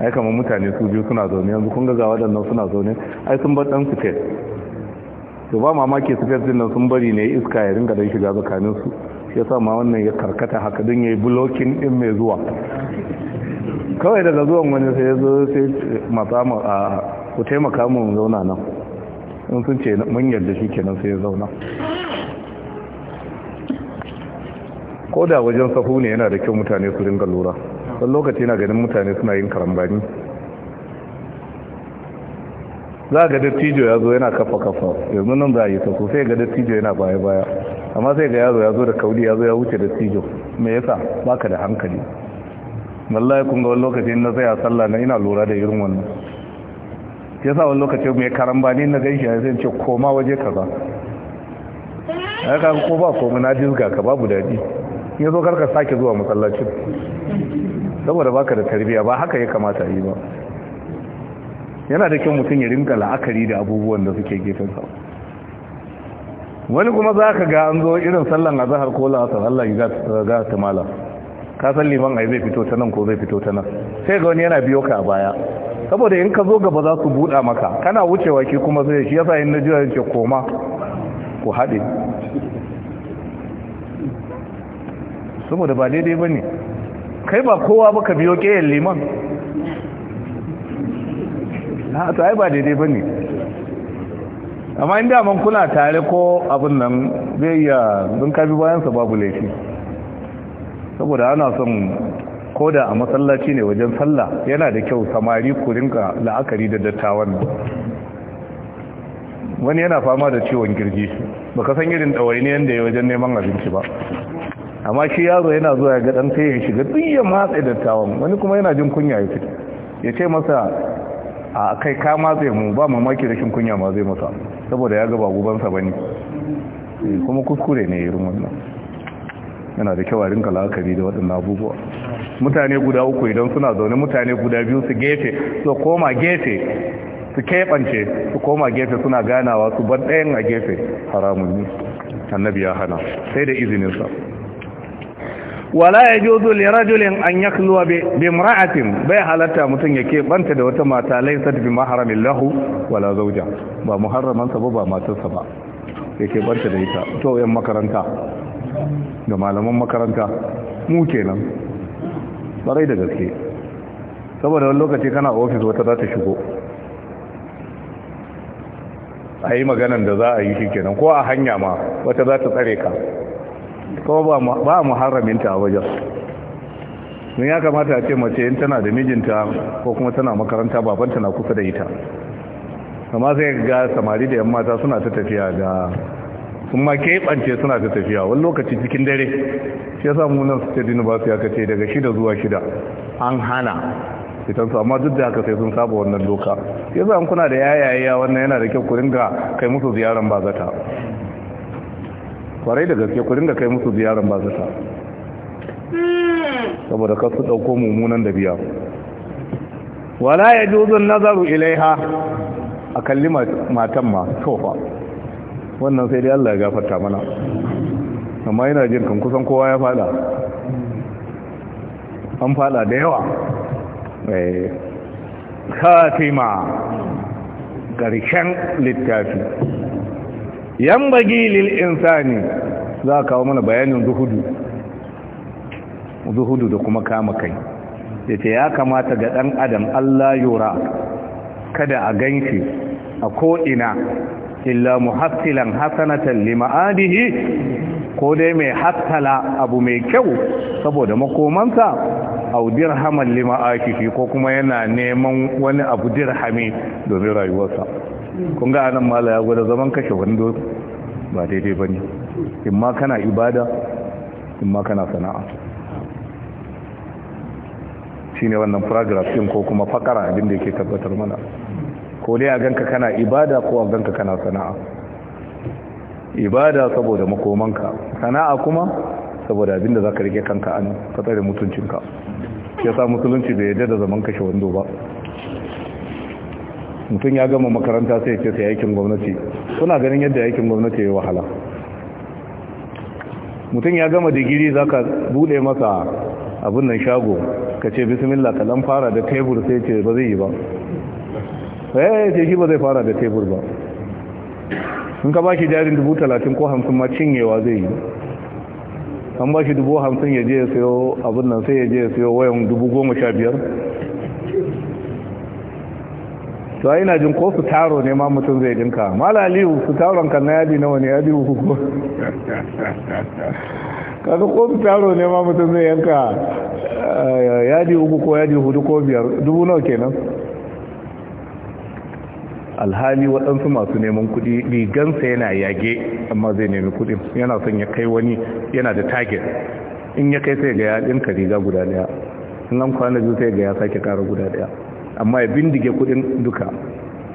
ai kamar mutane su biyu suna zaune yanzu kun ga waɗannan suna zaune ai sun bar ɗan sufet to ba mamaki su din nan sun bari ne iska ya ringa don shiga tsakanin su shi yasa ma wannan ya karkata haka don ya yi bulokin ɗin mai zuwa kawai daga zuwan wani sai ya zo sai matsa mu a ku taimaka mun zauna nan in sun ce mun yarda shi kenan sai ya zauna ko da wajen sahu ne yana da kyau mutane su ringa lura wani lokaci na ganin mutane suna yin karambani za ga dattijo ya zo yana kafa kafa yanzu nan za a yi ta sosai ga dattijo yana baya baya amma sai ga yazo, ya zo da kauli ya zo ya wuce dattijo me yasa baka da hankali wallahi kun ga wani lokaci na a sallah na ina lura da irin wannan yasa wani lokaci mai karambani na gaishe ya zai ce koma waje kaza ya ka ko ba komai na jizga ka babu daɗi ya zo karka sake zuwa masallacin saboda baka da tarbiya ba haka ya kamata yi ba yana da kyau mutum ya rinka la'akari da abubuwan da suke gefen wani kuma za ka ga an zo irin sallan a zahar ko Allah ya ga ta mala ka san liman ai zai fito ta nan ko zai fito ta nan sai ga wani yana biyo ka a baya saboda in ka zo gaba za su buɗa maka kana wucewa ki kuma zai shi yasa in na jiya ce koma ku haɗe saboda ba daidai ba ne kai ba kowa ba ka biyo ƙeyar liman na to ai ba daidai ba ne amma inda man kuna tare ko abin nan zai iya don bayansa babu laifi saboda ana son koda a masallaci ne wajen sallah yana da kyau samari kurinka, ka la'akari da dattawan wani yana fama da ciwon girji ka san irin ne da ya wajen neman abinci ba amma shi yaro yana zuwa ga dan sai ya shiga duk ya da dattawan wani kuma yana jin kunya ya fita ya ce masa a kai ka matse mu ba mamaki rashin kunya ma zai masa saboda ya gaba gubansa bane eh, kuma kuskure ne irin wannan yana da kyau a rinka la'akari da waɗannan abubuwa mutane guda uku idan suna zaune mutane guda biyu su gefe su koma gefe su keɓance su koma gefe suna ganawa su bar ɗayan a gefe haramun ne annabi ya hana sai da izininsa wala ya yajuzu li rajulin an yakluwa bai mura'atin bai halatta mutum ya ke banta da wata mata laysat tafi maharamin lahu wala zauja ba muharraman sa ba ba matarsa ba ke banta da ita to yan makaranta da malaman makaranta mu kenan barai da gaske saboda wani lokaci kana ofis wata za ta shigo a yi maganan da za a yi shi kenan ko a hanya ma wata za ta tsare ka Kuma ba ta a wajen don ya kamata a ce mace in tana da mijinta ko kuma tana makaranta babanta na kusa da ita amma sai ga samari da yan mata suna ta tafiya ga sun ma keɓance suna ta tafiya wani lokaci cikin dare shi ya samu nan ba su aka ce daga shida zuwa shida an hana fitansu amma duk da haka sai sun saba wannan doka ya an kuna da yayayya wannan yana da kyau ku ringa kai musu ziyaran ba zata kwarai da gaske ku dinga kai musu ziyarar ba zata saboda kasu dauko mummunan da biya wala ya juzun nazaru ilaiha a kalli matan ma tofa wannan sai dai Allah ya gafarta mana amma yana jin kan kusan kowa ya fada an fada da yawa eh katima ƙarshen littafi yan bagi lil insani za ka kawo mana bayanin zuhudu zuhudu da kuma kama kai da ce ya kamata ga ɗan adam Allah yura kada a ganshi a ko ina illa muhassilan hasanatan lima'adihi ko dai mai hassala abu mai kyau saboda makomansa au dirhaman lima'akihi ko kuma yana neman wani abu dirhami domin rayuwarsa kun ga anan mala ya gwada zaman kashe wando ba daidai ba ne in ma kana ibada in ma kana sana'a shi ne wannan paragraph ko kuma fakara abinda yake tabbatar mana ko dai a ganka kana ibada ko a ganka kana sana'a ibada saboda makomanka sana'a kuma saboda abinda za ka rike kanka an fatsar da mutuncinka ya sa musulunci bai yadda da zaman kashe wando ba mutum ya gama makaranta sai ce sai aikin gwamnati suna ganin yadda aikin gwamnati ya yi wahala mutum ya gama digiri za ka bude masa abin nan shago ka ce bismillah ka dan fara da tebur sai ce ba zai yi ba eh ce shi ba zai fara da tebur ba in ka ba shi jarin dubu talatin ko hamsin ma cinyewa zai yi an ba shi dubu hamsin ya je ya sayo abin nan sai ya je ya sayo wayan dubu goma sha biyar to ai ina jin ko su taro ne ma mutum zai dinka mala aliyu su taron kan na yadi nawa ne yadi uku kaga ko su taro ne ma mutum zai yanka eh, yadi uku ko yadi hudu ko biyar dubu nawa kenan alhali waɗansu masu neman kuɗi rigansa yana yage amma zai nemi kuɗi yana son ya kai wani yana da target in ya kai sai ga ya ɗinka riga guda ɗaya in an kwana biyu sai ga ya sake ƙara guda ɗaya amma ya bindige kudin duka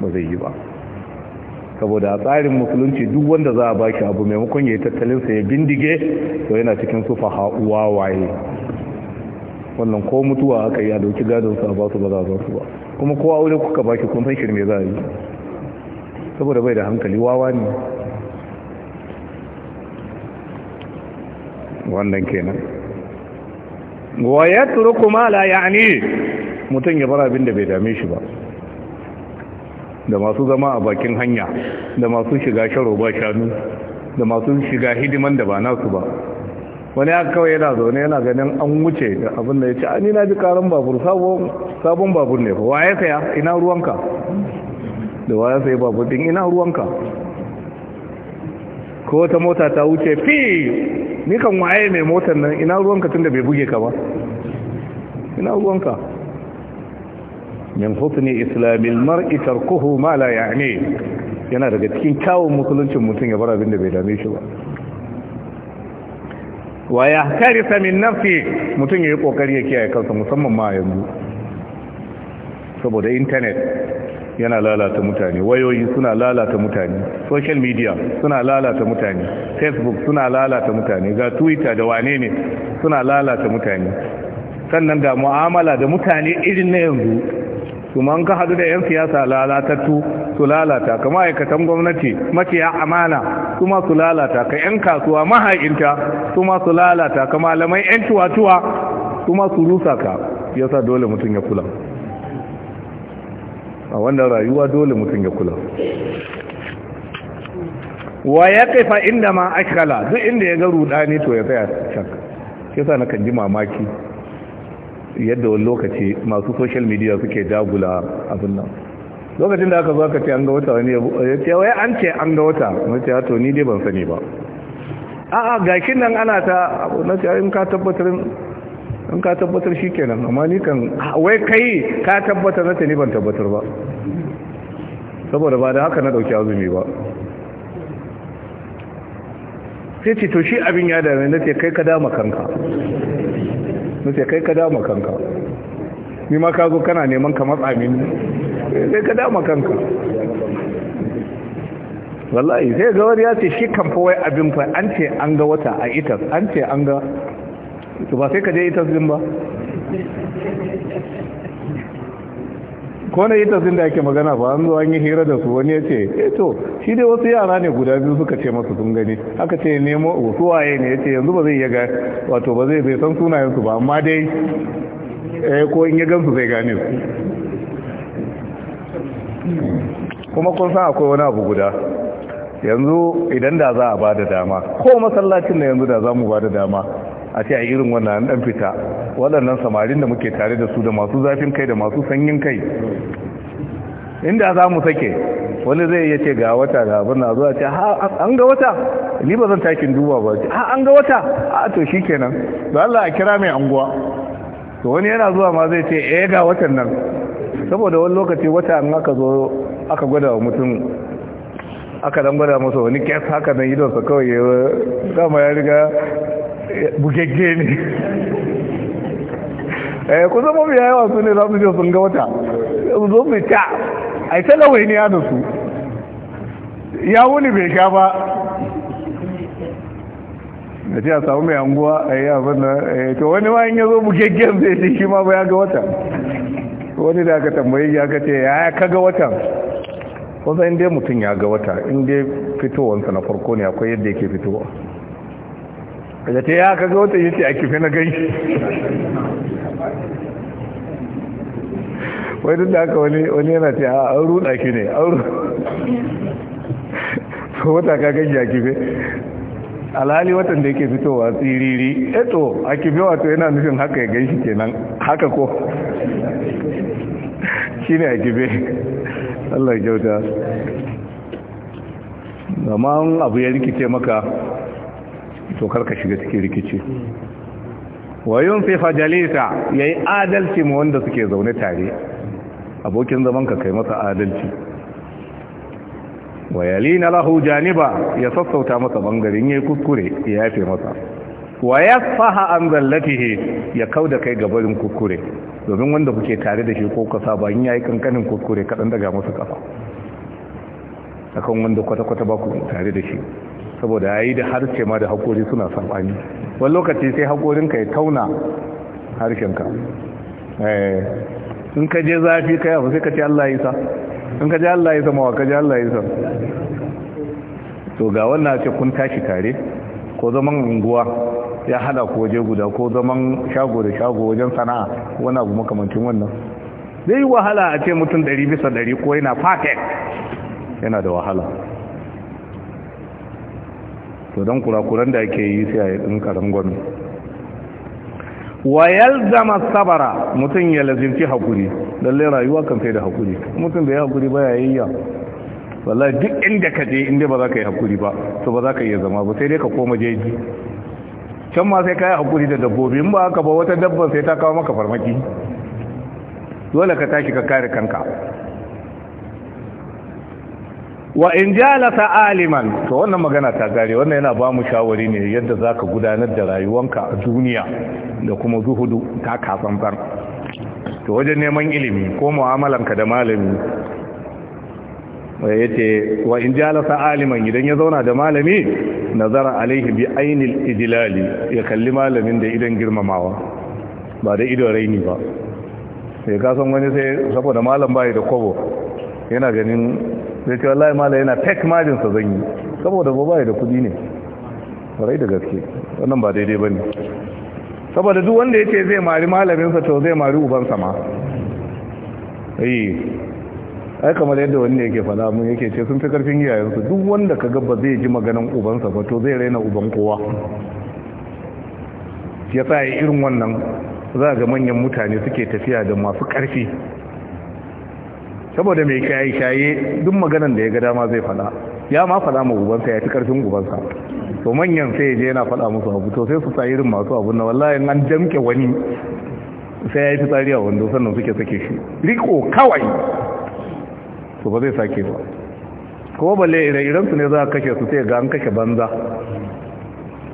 ba zai yi ba saboda a tsarin musulunci duk wanda za a baki abu maimakon ya yi tattalin sa ya bindige to yana cikin sufa ha'uwa waye wannan ko mutuwa aka yi a dauki su a basu ba za su ba kuma kowa aure kuka baki kun san shirme za a yi saboda bai da hankali wawa ne wannan kenan wa yatruku la ya'ni mutum ya bar abin da bai dame shi ba da masu zama a bakin hanya da masu shiga sharo ba shanu da masu shiga hidiman da ba nasu ba wani ya kawai yana zaune yana ganin an wuce da abin da ya ce an na ji karan babur sabon babur ne wa ya saya ina ruwanka da wa ya saya babur din ina ruwanka ko wata mota ta wuce fi ni waye mai motar nan ina ruwanka tun da bai buge ka ba ina ruwanka min husni islamil mar'i tarkuhu ma la ya'ni yana daga cikin kawun musulunci mutum ya bar abin da bai dame shi ba wa ya karisa min nafsi mutum yayi kokari ya kiyaye kansa musamman ma yanzu saboda internet yana lalata mutane wayoyi suna lalata mutane social media suna lalata mutane facebook suna lalata mutane ga twitter da wane ne suna lalata mutane sannan ga mu'amala da mutane irin na yanzu Su man ka hadu da 'yan siyasa lalatattu su lalata ka ma'aikatan gwamnati maciya amana su ma su lalata ka 'yan kasuwa maha'inta su ma su lalata ka malamai 'yan tuwa-tuwa su ma su rusa ka ya sa dole mutum ya kula a wannan rayuwa dole mutum ya kula wa ya kaifa inda ma akala duk inda ya ga rudani to ya tsaya shak yasa na kan ji mamaki yadda wani lokaci masu social media suke dagula abin nan lokacin da aka zo aka ce an ga wata wani ya ce wai an ce an ga wata mace ya to ni dai ban sani ba a'a gakin nan ana ta na in ka tabbatar in ka tabbatar shi kenan amma ni kan wai kai ka tabbatar na ce ni ban tabbatar ba saboda ba da haka na dauki azumi ba sai ce to shi abin ya dame na ce kai ka dama kanka na kai ka dama kanka ni ma ka zo kana neman ka matsa mini sai eh, ka dama kanka wallahi sai ga wani ya ce shi kan fa wai abin fa an ce an ga wata a itas an ce an ga to ba sai ka je itas din ba wani ita sun da ake magana ba an zo an yi hira da su wani ya ce e to shi dai wasu yara ne guda biyu suka ce masu sun gani aka ce nemo wasu waye ne ya ce yanzu ba zai iya ga wato ba zai bai san sunayensu ba amma dai eh, ko in ya gansu zai gane su kuma kun san akwai wani abu guda yanzu idan da za a ba da dama ko masallacin da yanzu da za mu ba da dama a ce a irin wannan dan fita waɗannan samarin da muke tare da su da masu zafin kai da masu sanyin kai inda za mu sake wani zai iya ce ga wata da abin na zuwa ce ha an ga wata ni ba zan takin duba ba ce ha an ga wata a to shi kenan da Allah a kira mai anguwa to wani yana zuwa ma zai ce eh ga watan nan saboda wani lokaci wata an aka zo aka gwada wa mutum aka dan gwada masa wani kes haka nan idonsa kawai ya dama ya riga bugegge ne eh kusan mafi yawa su ne za su je sun ga wata su zo mu ta a yi talawai ne da su ya wuni bai sha ba da ce a samu mai anguwa a yi abin da to wani ma in ya zo bugeggen zai ce shi ma ba ya ga wata wani da aka tambaye ya ka ce ya ka ga wata kusan inda mutum ya ga wata inda fitowansa na farko ne akwai yadda yake fitowa da ta ya kaga wata yace a kife na ganshi wai duk da haka wani yana ce a an ruɗa ki ne an ruɗa wata ka ganshi a kife alhali watan da yake fitowa tsiriri eto eh a kife wato yana nufin haka ya ganshi kenan haka ko ne a kife Allah ya kyauta amma abu ya rikice maka to ka shiga cikin rikici wa yunfifa jalisa yayi adalci mu wanda suke zaune tare abokin zaman ka kai masa adalci wa yalina lahu janiba ya sassauta masa bangaren yayi kuskure ya yafe masa wa yasfaha an zallatihi ya kauda kai gabarin kuskure domin wanda kuke tare da shi ko ka saba in yayi kankanin kuskure kadan daga masa kafa akan wanda kwata-kwata ba ku tare da shi saboda yi da harshe ma da haƙori suna samfani wani lokaci sai haƙorin ka ya tauna harshen ka eh, in ka je zafi kai yafi sai ka ce Allah ya isa in ka je Allah ya isa ma ka je Allah ya isa to ga wannan ce kun tashi tare ko zaman unguwa ya hada ko waje guda ko zaman shago da shago wajen sana'a wani abu makamancin wannan zai wahala a ce mutum 100 bisa 100 ko yana fatek yana da wahala to don kurakuran da ake yi sai a yi ɗinkarin gwamnati wa yalzama sabara mutum ya lazimci hakuri lalle rayuwa kan sai da hakuri mutum da ya hakuri ba ya yayya wallahi duk inda ka je inda ba za ka yi hakuri ba to ba za ka iya zama ba sai dai ka koma jeji can ma sai ka yi hakuri da dabbobi in ba haka ba wata dabba sai ta kawo maka farmaki dole ka tashi ka kare kanka wa in jalasa aliman to wannan magana ta gare wannan yana ba mu shawari ne yadda zaka gudanar da rayuwanka a duniya da kuma zuhudu ta kasantar to wajen neman ilimi ko mu'amalanka da malami ya ce wa in jalasa aliman idan ya zauna da malami nazara alaihi bi ainil ijlali ya kalli malamin da idan girmamawa ba da ido raini ba sai ka san wani sai saboda malam bai da kobo yana ganin zai ce wallahi mala yana fake majinsa zan yi saboda ba bai da kudi ne farai da gaske wannan ba daidai ba ne saboda duk wanda ya ce zai mari malaminsa to zai mari ubansa ma ai kamar yadda wani yake fada mun yake ce sun fi karfin iyayensu duk wanda ka gaba zai ji maganan ubansa ba to zai raina uban kowa ya sa irin wannan za ga manyan mutane suke tafiya da masu karfi saboda mai shaye-shaye duk maganan da ya ga dama zai fada ya ma fada ma gubansa ya ci karfin gubansa to manyan sai je yana fada musu abu to sai su sa irin masu abu na wallahi an damke wani sai ya yi fitsari a wando sannan suke sake shi riko kawai to ba zai sake ba ko balle ire-iren su ne za a kashe su sai ga an kashe banza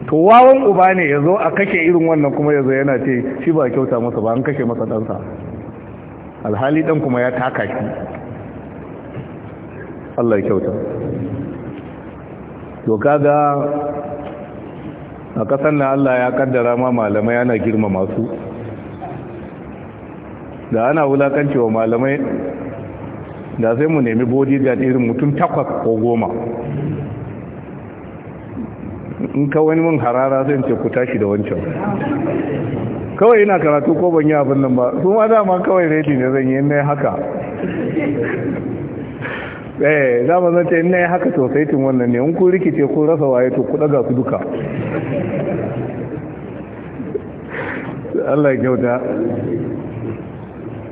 to wawan uba ne ya zo a kashe irin wannan kuma ya zo yana ce shi ba kyauta masa ba an kashe masa dansa. alhali dan kuma ya taka shi. Allah ya kyauta to kaga a kasan na Allah ya kaddara ma malamai ana girma masu da ana wa malamai da sai mu nemi bodyguard irin mutum takwas ko goma in ka wani mun harara zai ce ku tashi da wancan kawai ina karatu ko ban yi abin nan ba su ma dama kawai redi ne zan yi ne haka eh dama zan ce ne haka sosai tun wannan ne in ku rikice ko rasa waye to ku daga su duka Allah ya kyauta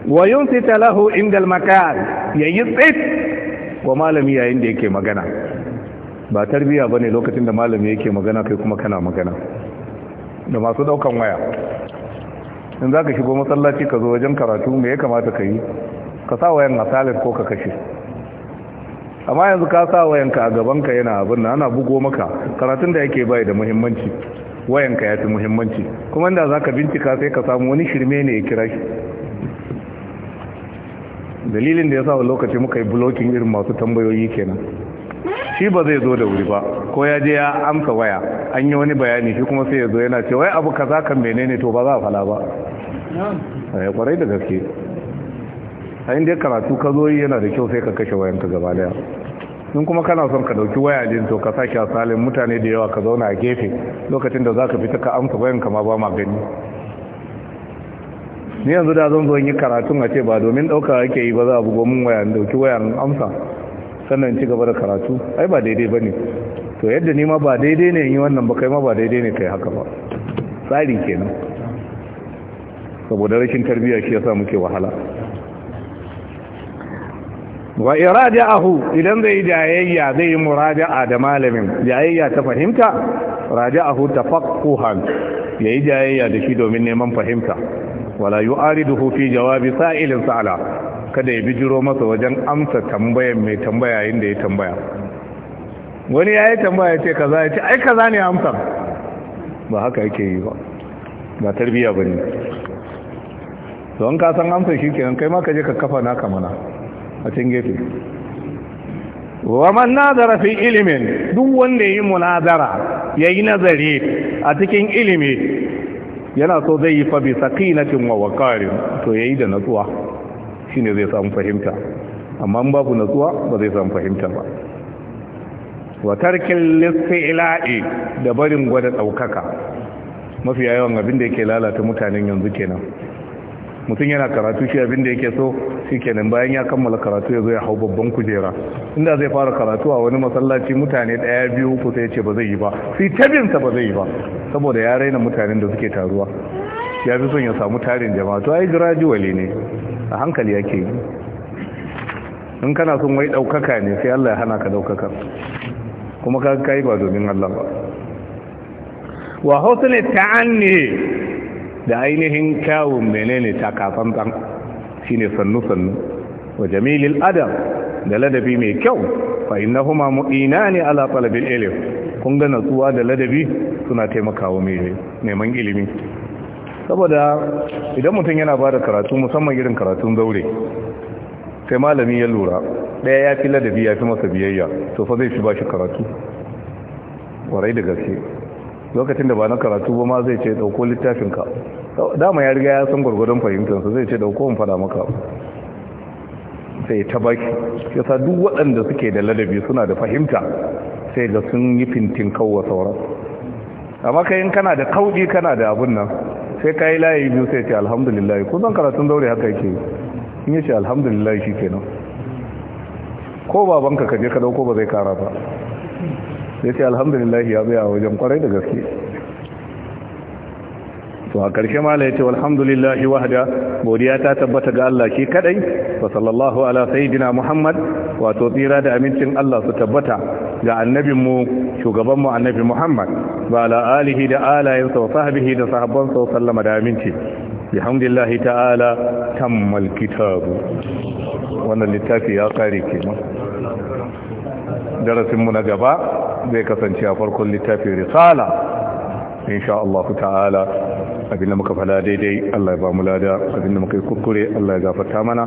wa yunsita lahu inda al-makan yayi tsit wa malami yayin da yake magana ba tarbiya bane lokacin da malami yake magana kai kuma kana magana da masu daukan waya in za ka shigo masallaci ka zo wajen karatu me ya kamata ka yi ka sa wayan a salin ko ka kashe amma yanzu ka sa wayanka a gabanka yana abin na ana bugo maka karatun da yake bai da muhimmanci wayanka ya fi muhimmanci kuma inda za ka bincika sai ka samu wani shirme ne ya kira shi dalilin da ya sa lokaci muka yi blokin irin masu tambayoyi kenan shi ba zai zo da wuri ba ko ya je ya amsa waya an yi wani bayani shi kuma sai ya zo yana ce wai abu kaza kan menene to ba za a fala ba ya eh, kwarai da gaske a inda karatu ka zo yana da kyau sai ka kashe wayanka gaba daya in kuma kana son ka dauki waya din to ka sake a salin mutane da yawa ka zauna a gefe lokacin da za ka fita ka amsa wayanka ma ba ma gani ni yanzu da zan zo yi karatun a ce ba domin dauka ake yi ba za a bugo mun wayan dauki wayan amsa sannan ci gaba da karatu ai ba daidai ba ne to yadda ni ma ba daidai ne yi wannan ba kai ma ba daidai ne kai haka ba tsari kenan saboda rashin tarbiyya shi yasa muke wahala wa iradahu idan zai jayayya zai yi murada'a da malamin jayayya ta fahimta raja'ahu tafaqquhan yayi jayayya da shi domin neman fahimta wala yu'aridu fi jawabi sa'ilin sa'ala kada ya bijiro masa wajen amsa tambayan mai tambaya inda da ya tambaya wani ya yi tambaya ya ce kaza ya ce ai kaza ne amsa ba haka yake yi ba ba tarbiya ba ne don ka san amsa shi kenan kai ma je ka kafa naka mana a cin gefe wa man nazara fi ilimin duk wanda yi munazara yayi nazari a cikin ilimi yana so zai yi fa bi saqinatin wa waqarin to yayi da natsuwa shine zai samu fahimta amma babu natsuwa ba zai samu fahimta ba wa tarkin ila'i da barin gwada ɗaukaka. mafi yawan abinda yake lalata mutanen yanzu kenan mutum yana karatu shi abinda yake so shi kenan bayan ya kammala karatu ya zo ya hau babban kujera inda zai fara karatu a wani masallaci mutane daya biyu ku sai ce ba zai yi ba sai tabinsa ba zai yi ba saboda ya raina mutanen da suke taruwa ya fi son ya samu tarin jama'a to ai gradually ne a hankali yake yi in kana son wai ɗaukaka ne sai Allah ya hana ka ɗaukaka kuma ka kai ba domin Allah ba wa husni ta'anni da ainihin kyawun menene takafan dan shine sannu sannu wa jamilil adam da ladabi mai kyau fa innahuma mu'inani ala talabil ilm kun ga natsuwa da ladabi suna taimakawa mai neman ilimi saboda idan mutum yana ba da karatu musamman irin karatun zaure sai malami ya lura ɗaya ya fi ladabi ya fi masa biyayya to fa zai fi ba shi karatu warai da gaske lokacin da ba na karatu ba ma zai ce ɗauko littafinka dama ya riga ya san gwargwadon fahimtansa zai ce ɗauko in faɗa maka sai ta baki yasa duk waɗanda suke da ladabi suna da fahimta sai ga sun yi fintin kawo sauran amma kayan kana da kauɗi kana da abin nan sai ka yi layi biyu sai ce alhamdulillah ko zan karatun daure haka yake in ce alhamdulillah shi kenan ko babanka ka je ka dauko ba zai kara ba sai ce alhamdulillah ya biya wajen kwarai da gaske to a karshe mala yace walhamdulillahi wahda godiya ta tabbata ga Allah shi kadai wa sallallahu ala sayidina muhammad wato tsira da amincin Allah su tabbata ga annabin mu shugaban mu annabi muhammad wa ala alihi da alayensa wa sahbihi da sahabbansa wa sallama da aminci bihamdillahi ta'ala tammal kitabu wannan littafi ya kare kenan mu na gaba zai kasance a farkon littafin risala insha Allah ta'ala abinda muka fada daidai Allah ya ba mu lada abinda muka yi kukure Allah ya gafarta mana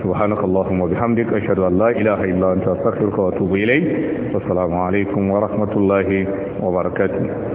subhanakallahumma bihamdik ashhadu an la ilaha illa anta astaghfiruka wa atubu ilayk wassalamu alaikum wa rahmatullahi wa barakatuh